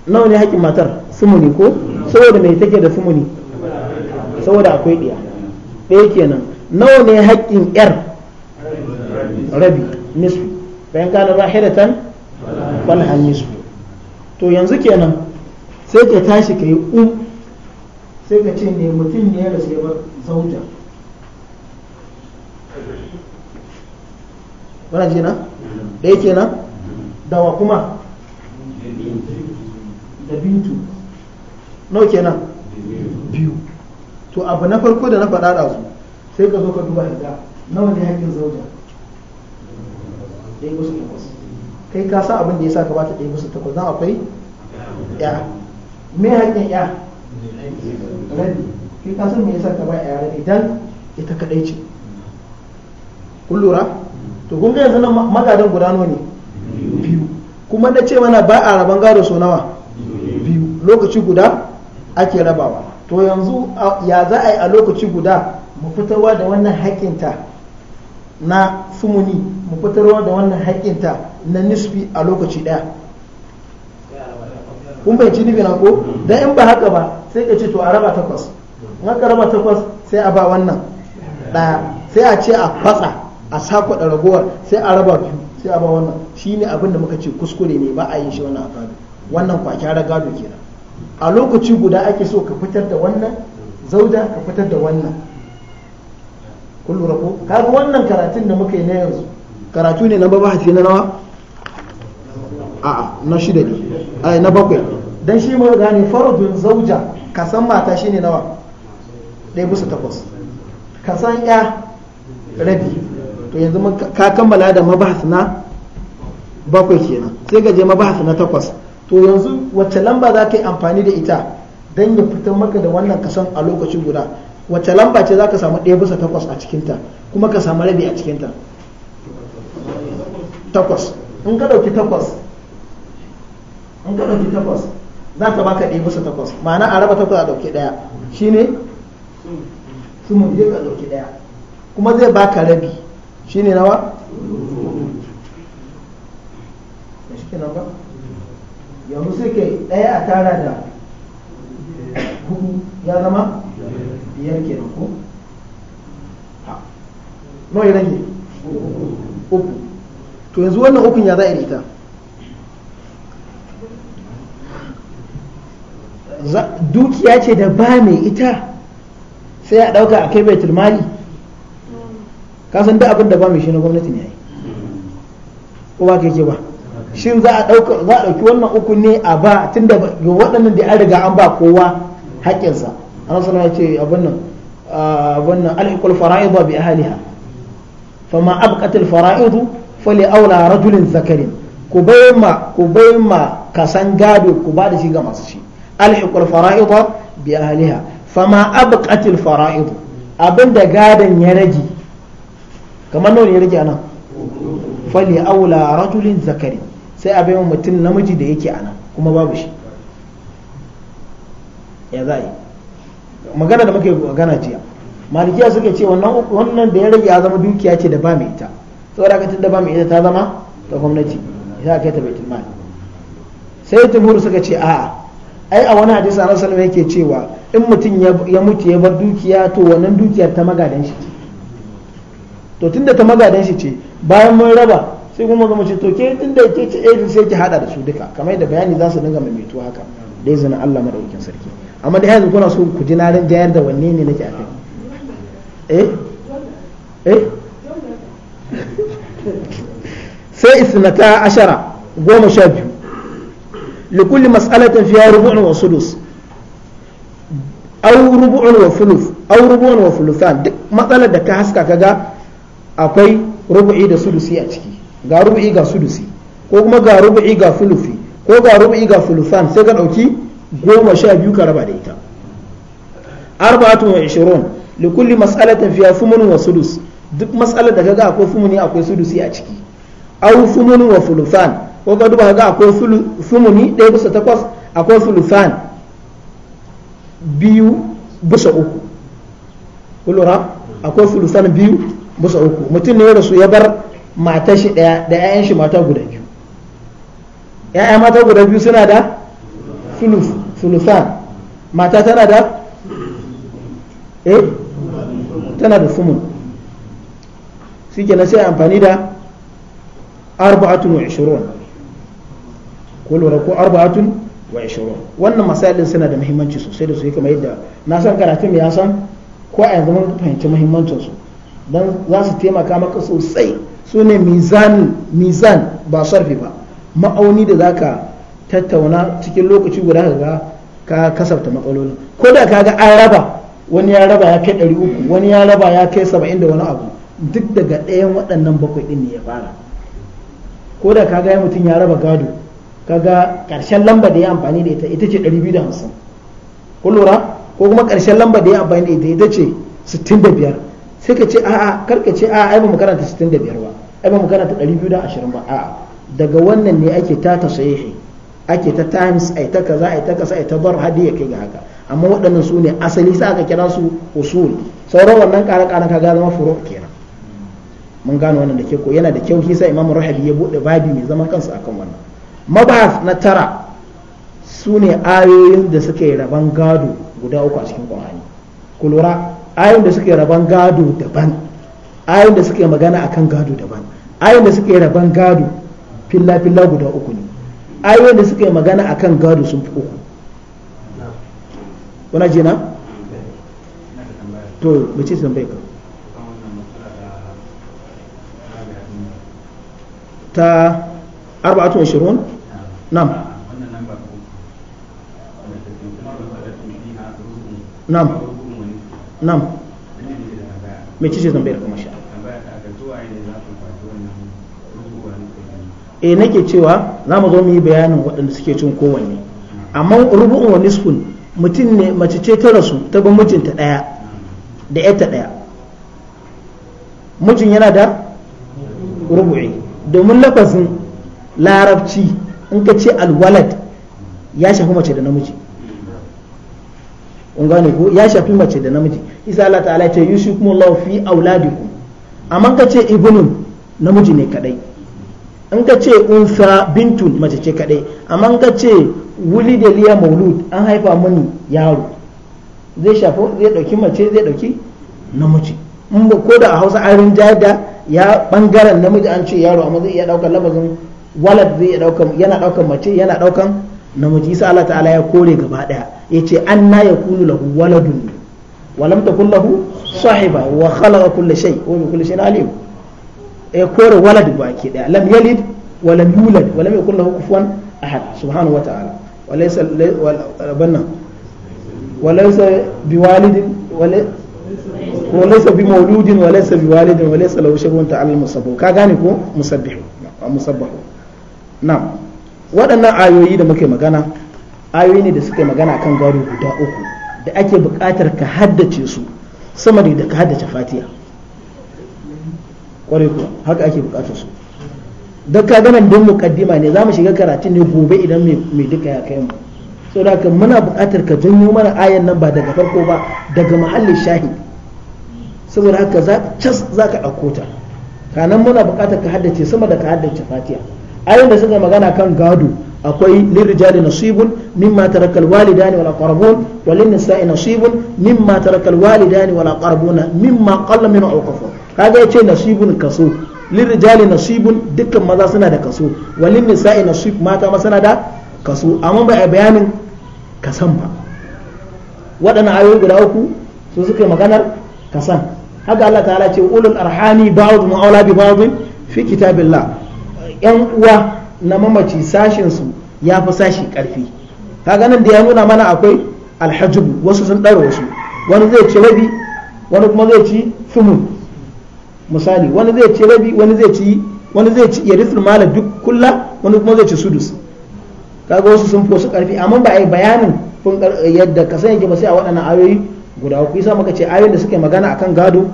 nawa ne haƙƙin matar sumuni ko saboda mai take da sumuni saboda akwai ɗiya ɗaya kenan nawa ne haƙƙin yar rabi nisu bayan kana rahilatan falhan nisu to yanzu kenan sai ka tashi ka yi um. sai ka ce ne mutum ne ya rasu ya bar zauja wana ji na da yake na? da wa kuma da bintu nau na? biyu to abu na farko da na faɗa da su sai ka zo ka duba hidda nawa ne haƙƙin zauja ɗaya musu takwas kai ka sa abin da ya sa ka bata ɗaya musu takwas don akwai ya me haƙƙin ya rabi ka san me yasa ka ba a rabi ita kadai ce kun lura to kun ga yanzu nan magadan guda nawa ne biyu kuma na ce mana ba a raban gado so nawa biyu lokaci guda ake rabawa to yanzu ya za a yi a lokaci guda mu fitarwa da wannan haƙinta na sumuni mu fitarwa da wannan haƙinta na nisfi a lokaci ɗaya kun fahimci nufi na ko hmm. dan in ba haka ba sai ka ce to a raba takwas in aka raba takwas sai a ba wannan daya sai a ce a fasa a da ragowar sai a raba biyu sai a ba wannan shine abin da muka ce kuskure ne ba a yin shi wannan a gado wannan kwakyara gado kenan a lokaci guda ake so ka fitar da wannan zauda ka fitar da wannan kun lura ko kaga wannan karatun da muka yi na yanzu karatu ne na babahati na nawa a'a na shida ne ai na bakwai dan shi ga ne faradun zauja ka san mata shine nawa ɗaya bisa takwas ka san ya rabi to yanzu ka kammala da mabahas na bakwai kenan sai ga je mabahas na takwas to yanzu wacce lamba za ka yi amfani da ita don ya fitar maka da wannan kasan a lokaci guda wacce lamba ce za ka samu ɗaya bisa takwas a cikinta kuma ka samu rabi a cikinta takwas in ka ɗauki takwas in ka ɗauki takwas za ka baka ɗaya musu takwas ma'ana a raba takwas a ɗauki ɗaya su mu zai ka ɗauki ɗaya kuma zai baka rabi shi ne nawa yanzu sai ke ɗaya a tara da hudu ya zama biyar kenan ko nawa ya rage uku to yanzu wannan ukun ya za a ita dukiya ce da ba mai ita sai a ɗauka a kai baitul mali kasan duk abin da ba mai shi na gwamnati ne yi ko ba ke ba shin za a dauka za a ɗauki wannan uku ne a ba tunda waɗannan da an riga an ba kowa haƙƙinsa an sallallahu ya ce abin nan abin nan alhiqul fara'id bi ahliha fama abqat al fara'id fali aula rajulin zakarin ku bai ma ku bai ma kasan gado ku ba da shi ga masu shi alhiq al bi ahliha fa ma al-fara'id abinda gadan ya rage kamar nawa ya rage anan fali aula rajulin zakari sai a bayan mutum namiji da yake anan kuma babu shi ya za magana da muke magana jiya malikiya suka ce wannan da ya rage ya zama dukiya ce da ba mai ita saboda ka tunda ba mai ita ta zama ta gwamnati za ka kai ta baitul mal sai jumhur suka ce a'a ai a wani hadisi annabi sallallahu yake cewa in mutum ya mutu ya bar dukiya to wannan dukiyar ta magadan shi to tunda ta magadan shi ce bayan mun raba sai kuma ga mace to ke tunda ke ce eh sai ki hada da su duka kamar da bayani za su dinga maimaito haka da izinin Allah madaukin sarki amma da yanzu kuna so ku ji na jayar da wanne ne nake akai eh eh *laughs* sai isnata ashara goma sha biyu likulli mas'alatin fiha rubu'un wa sudus aw rubu'un wa fuluf aw rubu'un wa fulufan duk matsalar da ka haska kaga akwai rubu'i da sudusi a ciki ga rubu'i ga sudusi ko kuma ga rubu'i ga fulufi ko ga rubu'i ga fulufan sai ka dauki goma sha biyu ka raba da ita arba'atun wa ishirun likulli mas'alatin fiha fumun wa sudus duk matsalar da kaga akwai fumuni akwai sudusi a ciki aw fumun wa fulufan ko ka duba ga akwai sumuni ɗaya bisa takwas akwai sulusan biyu bisa uku kulura akwai sulusan biyu bisa uku mutum ne ya rasu ya bar mata shi ɗaya da 'ya'yan shi mata guda biyu 'ya'ya mata guda biyu suna da sulusan mata tana da eh tana da sumun shi kenan sai amfani da arba'atun wa kullu ko arba'atun wa ishrun wannan masalin suna da muhimmanci sosai da sosai kamar yadda na san karatun ya san ko a yanzu mun fahimci muhimmancin su dan za su taimaka maka sosai sune mizan mizan ba sarfi ba ma'auni da zaka tattauna cikin lokaci guda ka ka kasafta matsalolin ko da ka ga an raba wani ya raba ya kai ɗari uku wani ya raba ya kai saba'in da wani abu duk daga ɗayan waɗannan bakwai ɗin ne ya fara ko da ka ga mutum ya raba gado kaga karshen lamba da ya amfani da ita ita ce 250 ku lura ko kuma karshen lamba da ya amfani da ita ita ce 65 sai ka ce a'a karka ce a'a ai ba mu karanta 65 ba ai ba mu karanta 220 ba a'a daga wannan ne ake ta tasayihi ake ta times ai ta kaza ai ta kaza ai ta bar hadi ya kai ga haka amma waɗannan su ne asali sai aka kira su usul sauran wannan ƙara-ƙara ka ga zama furu kenan mun gano wannan da ke ko yana da kyau shi sa imamu rahabi ya buɗe babi mai zaman kansa akan wannan mabas na tara su ne ayoyin da suke rabon gado guda uku a cikin ƙwarani kulura ayoyin da suke rabon gado daban ayoyin da suke magana akan gado daban ayoyin da suke rabon gado filla-filla guda uku ne ayoyin da suke magana akan gado sun fi uku kuna na? to mace sun bai ka ta arba'atun shirun نعم نعم نعم e nake cewa za mu zo mu yi bayanin waɗanda suke cin kowanne amma rubu'un wa nisfun mutum ne mace ce ta rasu ta ba mijinta ɗaya da yarta ɗaya mijin yana da rubu'i domin lafazin larabci in ka ce alwalad ya shafi mace da namiji kun gane ko ya shafi mace da namiji isa Allah ta'ala ce Allah fi auladikum amma ka ce ibnun namiji ne kadai in ka ce unsa bintun mace ce kadai amma ka ce wuli da liya maulud an haifa mani yaro zai shafi zai dauki mace zai dauki namiji in ba ko da a Hausa an rinjaya da ya bangaren namiji an ce yaro amma zai iya daukar labazin walad zai daukan yana daukan mace yana daukan namiji isa Allah ta'ala ya kore gaba daya yace anna yakunu lahu waladun wa lam takun lahu sahiba wa khalaqa kulli shay wa bi kulli shay'in alim ya kore walad baki daya lam yalid wa lam yulad wa lam yakun lahu kufuwan ahad subhanahu wa ta'ala wa laysa rabbana wa laysa biwalidin wa laysa bimawludin wa laysa biwalidin wa laysa lahu shay'un ta'ala musabbihu ka gane ko musabbihu musabbihu na'm waɗannan ayoyi da muke magana ayoyi ne da suke magana kan gari guda uku da ake buƙatar ka haddace su sama da ka haddace fatiya kwarai kuwa haka ake buƙatar su da ka ganin don mukaddima ne za mu shiga karatun ne gobe idan mai duka ya kai mu sau da muna buƙatar ka janyo mana ayan nan ba daga farko ba daga muhallin shahi saboda haka za ka ɗauko ta kanan muna buƙatar ka haddace sama da ka haddace fatiya. ayoyin da suka magana kan gado akwai lirrijali nasibun mimma tarakal walidani wal aqrabun wa lin nisa'i nasibun mimma tarakal walidani wal aqrabuna mimma qalla min uqafa kaga yace nasibun kaso lirrijali nasibun dukkan maza suna da kaso wa lin nisa'i nasib mata ma suna da kaso amma ba a bayanin kasan ba waɗannan ayoyi guda uku su suka maganar kasan haka Allah ta'ala ce ulul arhami ba'd mu'awla bi ba'd fi kitabillah yan uwa na mamaci sashin su ya fi sashi karfi kaga nan da ya nuna mana akwai alhajubu wasu sun ɗaura wasu wani zai ci rabi wani kuma zai ci sumun misali wani zai ci rabi wani zai ci wani zai ci yarisul mala duk kulla wani kuma zai ci sudus kaga wasu sun fi wasu karfi amma ba a yi bayanin yadda kasan yake ba sai a waɗannan ayoyi guda uku yasa muka ce ayoyin da suke magana akan gado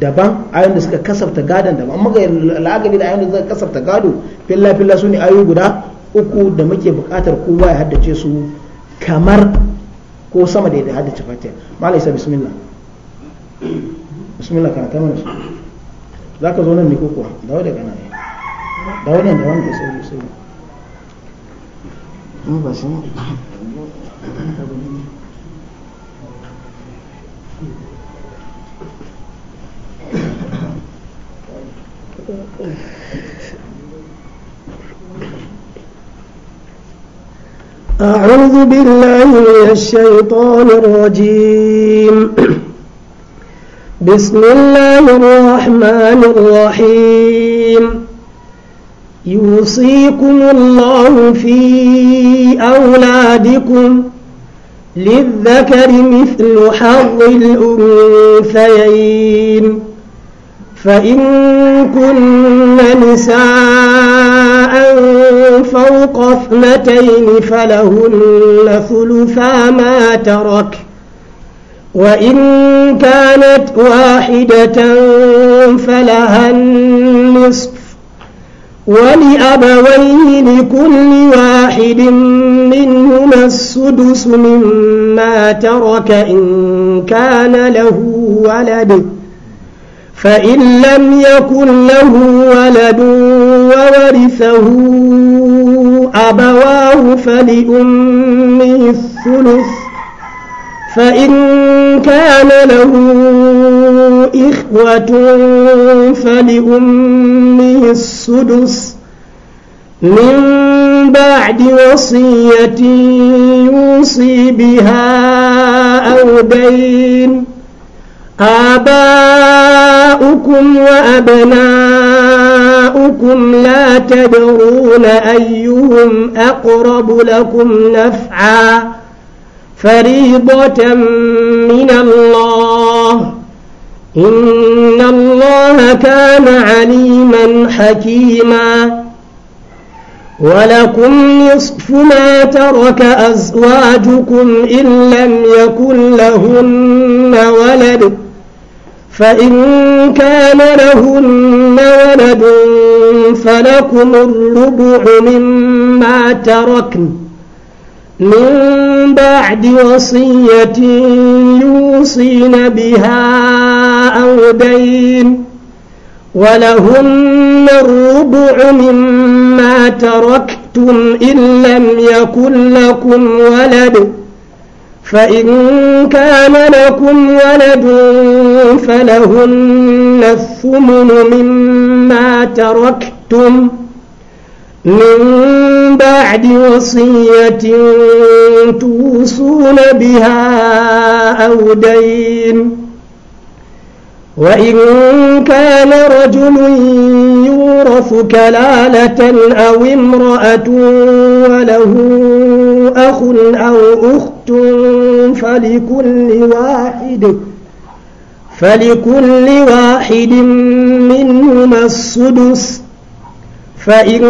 daban ayoyin da suka kasafta gadon daban amma ga la'akari da ayoyin da suka kasafta gado filla filla su ne ayoyi guda uku da muke buƙatar kowa ya haddace su kamar ko sama da ya haddace fatiha malai isa bismillah bismillah kana kamar su za ka zo nan ne kokowa da wadda gana nan da wadda da wadda da sauri sauri أعوذ بالله من الشيطان الرجيم بسم الله الرحمن الرحيم يوصيكم الله في أولادكم للذكر مثل حظ الأنثيين فإن كن نساء فوق اثنتين فلهن ثلثا ما ترك وإن كانت واحدة فلها النصف ولأبويه لكل واحد منهما السدس مما ترك إن كان له ولد فإن لم يكن له ولد وورثه أبواه فلأمه الثلث فإن كان له إخوة فلأمه السدس من بعد وصية يوصي بها أو دين آباؤكم وأبناؤكم لا تدرون أيهم أقرب لكم نفعا فريضة من الله إن الله كان عليما حكيما ولكم نصف ما ترك أزواجكم إن لم يكن لهن ولد فإن كان لهن ولد فلكم الربع مما تركن من بعد وصية يوصين بها أو دين ولهن الربع مما تركتم إن لم يكن لكم ولد فإن كان لكم ولد فلهن الثمن مما تركتم من بعد وصية توصون بها أو دين وإن كان رجل يورث كلالة أو امرأة وله أخ أو أخت فلكل واحد فلكل واحد منهما السدس فإن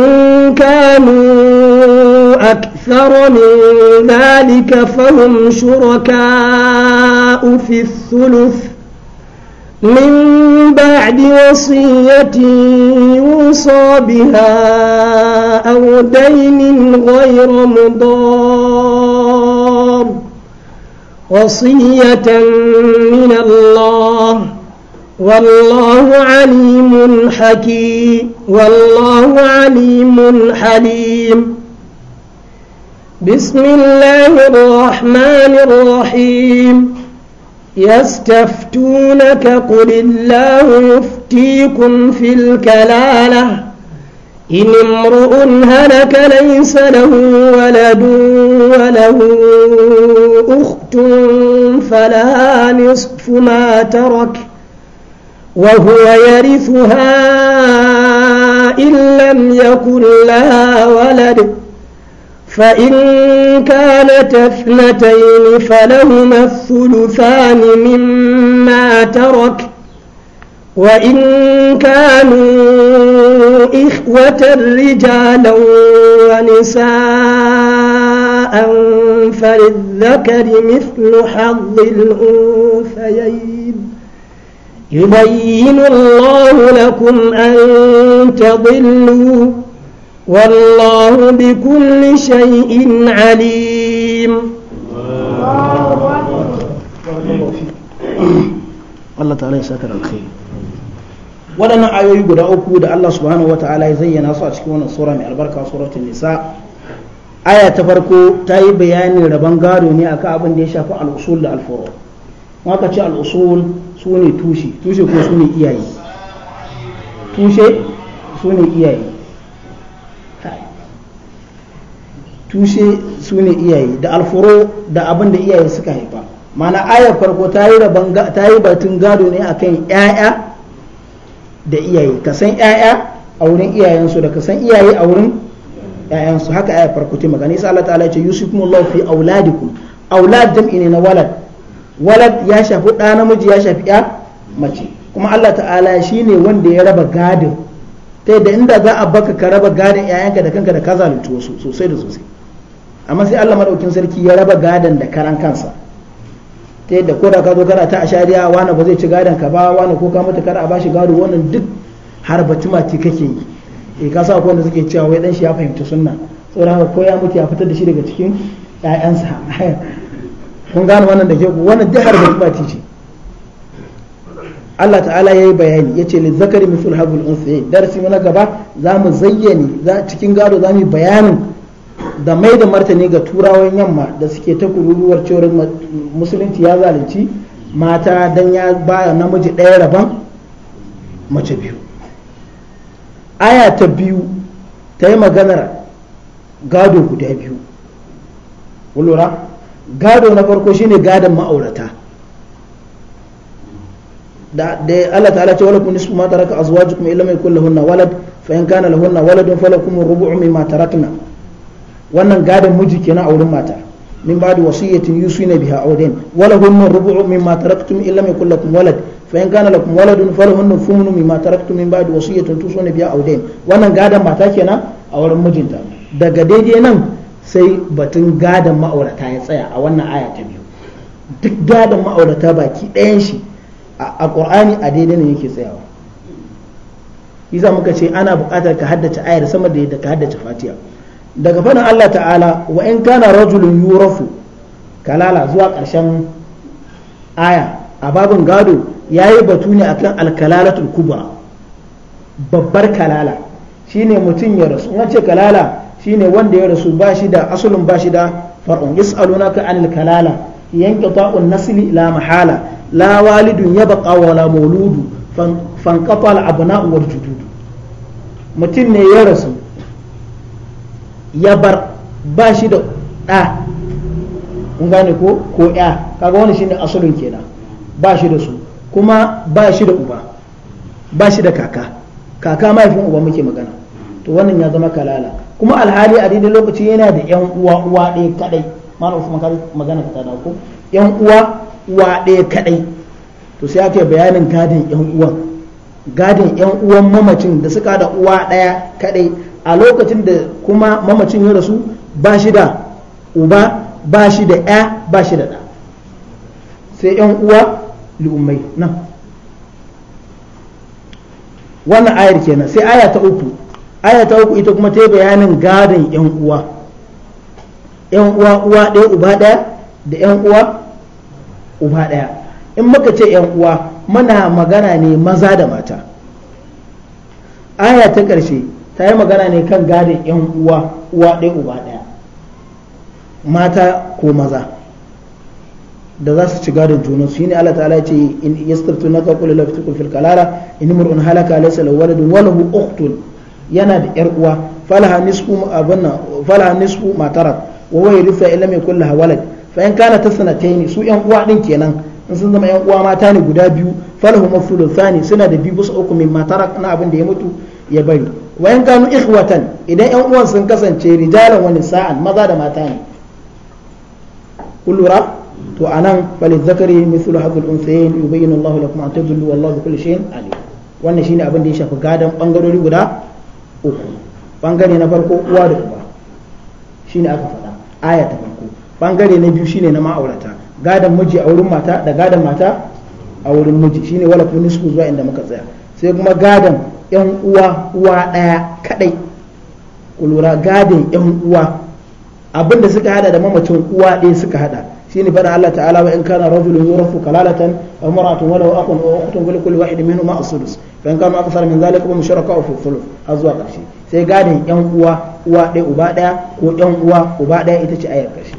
كانوا أكثر من ذلك فهم شركاء في الثلث من بعد وصية يوصى بها أو دين غير مضار وصية من الله والله عليم حكيم والله عليم حليم بسم الله الرحمن الرحيم يستفتونك قل الله يفتيكم في الكلالة إن امرؤ هلك ليس له ولد وله أخت فلا نصف ما ترك وهو يرثها إن لم يكن لها ولد فإن كانت اثنتين فلهما الثلثان مما ترك وإن كانوا إخوة رجالا ونساء فللذكر مثل حظ الأنثيين يبين الله لكم أن تضلوا والله بكل شيء عليم Allah ta'ala ya saka alkhairi waɗannan ayoyi guda uku da Allah subhanahu wa ta'ala ya zayyana su a cikin wannan sura mai albarka suratul nisa aya ta farko ta yi bayanin rabon gado ne akan abin da ya shafi al'usul da alfuro tushe ko iyaye tushe su ne iyaye da alfuro da abin da iyaye suka haifa mana ayar farko ta yi batun gado ne akan 'ya'ya da iyaye ka san 'ya'ya a wurin iyayensu da ka san iyaye a wurin 'ya'yansu haka ayar farko ta magana isa Allah ta'ala ya ce yusukumullahu fi auladikum aulad jam'i ne na walad walad ya shafi ɗa namiji ya shafi 'ya mace kuma Allah ta'ala shi ne wanda ya raba gadin ta yadda inda za a baka ka raba gadin 'ya'yanka da kanka da ka zalunci wasu sosai da sosai amma sai Allah madaukin sarki ya raba gadan da karan kansa ta yadda ko da ka zo kana ta ashariya wani ba zai ci gadon ka ba wani ko ka mutu kada a bashi gado wannan duk har batumati kake yi eh ka sa wanda suke cewa wai dan shi ya fahimci sunna saboda haka ko ya mutu ya fitar da shi daga cikin ƴaƴansa kun gano wannan da ke wannan duk har batumati ce Allah ta'ala ya yi bayani ya ce zakari misul habul unsayi darasi mana gaba za mu zayyane cikin gado za mu yi bayanin da mai da martani ga turawan yamma da suke ta kururuwar cewar musulunci ya zalunci mata don ya ba namiji ɗaya rabon mace biyu aya ta biyu ta yi maganar gado guda biyu lura gado na farko shine gadon ma'aurata da Allah ta'ala ce walakum nisfu ma taraka azwajukum illa ma yakul lahunna walad fa in kana lahunna waladun falakum rubu'u mimma tarakna wannan gadon miji kenan a wurin mata min da wasiyyatin ne biha aw Wala wa lahunna min ma taraktum illam yakul lakum walad fa in kana lakum waladun falahunna thumnu mimma taraktum min da wasiyyatin ne biha aw dayn wannan gadon mata kenan a wurin mijinta daga daidai nan sai batun gadon ma'aurata ya tsaya a wannan aya ta biyu duk gadon ma'aurata baki ɗayan shi a ƙur'ani a daidai ne yake tsayawa Iza muka ce ana buƙatar ka haddace ayar sama da yadda ka haddace fatiha daga fadin Allah ta'ala wa in kana rajulun yurafu kalala zuwa ƙarshen aya a babin gado ya yi batu ne akan alkalalatul kubra babbar kalala shine mutum ya rasu wace kalala shine wanda ya rasu ba shi da asulin ba shi da far'un yas'alunaka anil kalala mahala la walidun yabqa لا mauludu, يبقى ولا مولود abna'u wal jududu mutum ne ya rasu ya bar ba shi da ɗa kun gane ko ko ya kaga wani shine asalin kenan ba shi da su kuma ba shi da uba ba shi da kaka kaka mahaifin uba muke magana to wannan ya zama kalala kuma alhali a daidai lokaci yana da yan uwa uwa ɗaya kadai mana usman magana ta dako yan uwa uwa ɗaya kadai to sai aka bayanin gadin yan uwan gadin yan uwan mamacin da suka da uwa ɗaya kadai a lokacin da kuma mamacin ya rasu ba shi da uba ba shi da ya ba shi da ɗa sai yan uwa li'ummai nan wannan ayar kenan sai aya ta uku aya uku ita kuma ta yi bayanin gadon yan uwa yan uwa uwa ɗaya uba ɗaya da yan uwa uba ɗaya in muka ce yan uwa mana magana ne maza da mata aya ta ƙarshe ta yi magana ne kan gadin yan uwa uwa ɗaya uba ɗaya mata ko maza da za su ci gadin juna su ne Allah ta'ala ce in yastabtu na ka kula lafi tukul filkalara in mur'un halaka laysa lahu waladun wa lahu yana da yar uwa falaha nisfu abunna falaha nisfu wa illa mai kulla laha walad fa in kana su yan uwa din kenan in sun zama yan uwa mata ne guda biyu falahu mafulu thani suna da biyu bisa uku min ma na abin da ya mutu ya bari wayan kanu ikhwatan idan yan uwan sun kasance rijalan wani sa'an maza da mata ne Kullura to anan bal zakari mithlu hadhul unsayin yubayyinu Allahu lakum an tadullu wallahu kulli shay'in alim wannan shine abin da ya shafi gadan bangarori guda uku bangare na farko uwa da uba shine aka faɗa aya ta farko bangare na biyu shine na ma'aurata gadan miji a wurin mata da gadan mata a wurin miji shine wala kunisku zuwa inda muka tsaya sai kuma gadan yan uwa uwa ɗaya kadai ku lura gadin yan uwa abinda suka hada da mamacin uwa ɗaya suka hada shine fara Allah ta'ala wa in kana rajulun yurafu kalalatan aw mar'atun wa lahu akhun wa ukhtun wa likulli wahidin minhum as fa in kana akthar min zalika fa musharaka fi thuluth azwa zuwa karshe sai gadin yan uwa uwa ɗaya uba ɗaya ko yan uwa uba ɗaya ita ce ayar kashi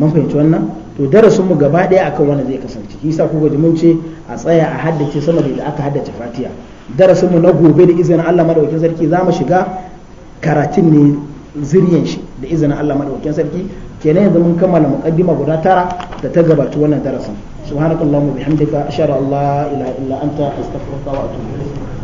mun fahimci wannan to darasin mu gaba daya akan wannan zai kasance yasa ku gaji mun ce a tsaya a haddace sama da aka haddace fatiha darasin mu na gobe da izinin Allah madaukakin sarki zamu shiga karatun ne zuriyan shi da izinin Allah madaukakin sarki kenan yanzu mun kammala muqaddima guda tara da ta gabata wannan darasin subhanakallahumma bihamdika ashhadu an la ilaha illa anta astaghfiruka wa atubu ilayk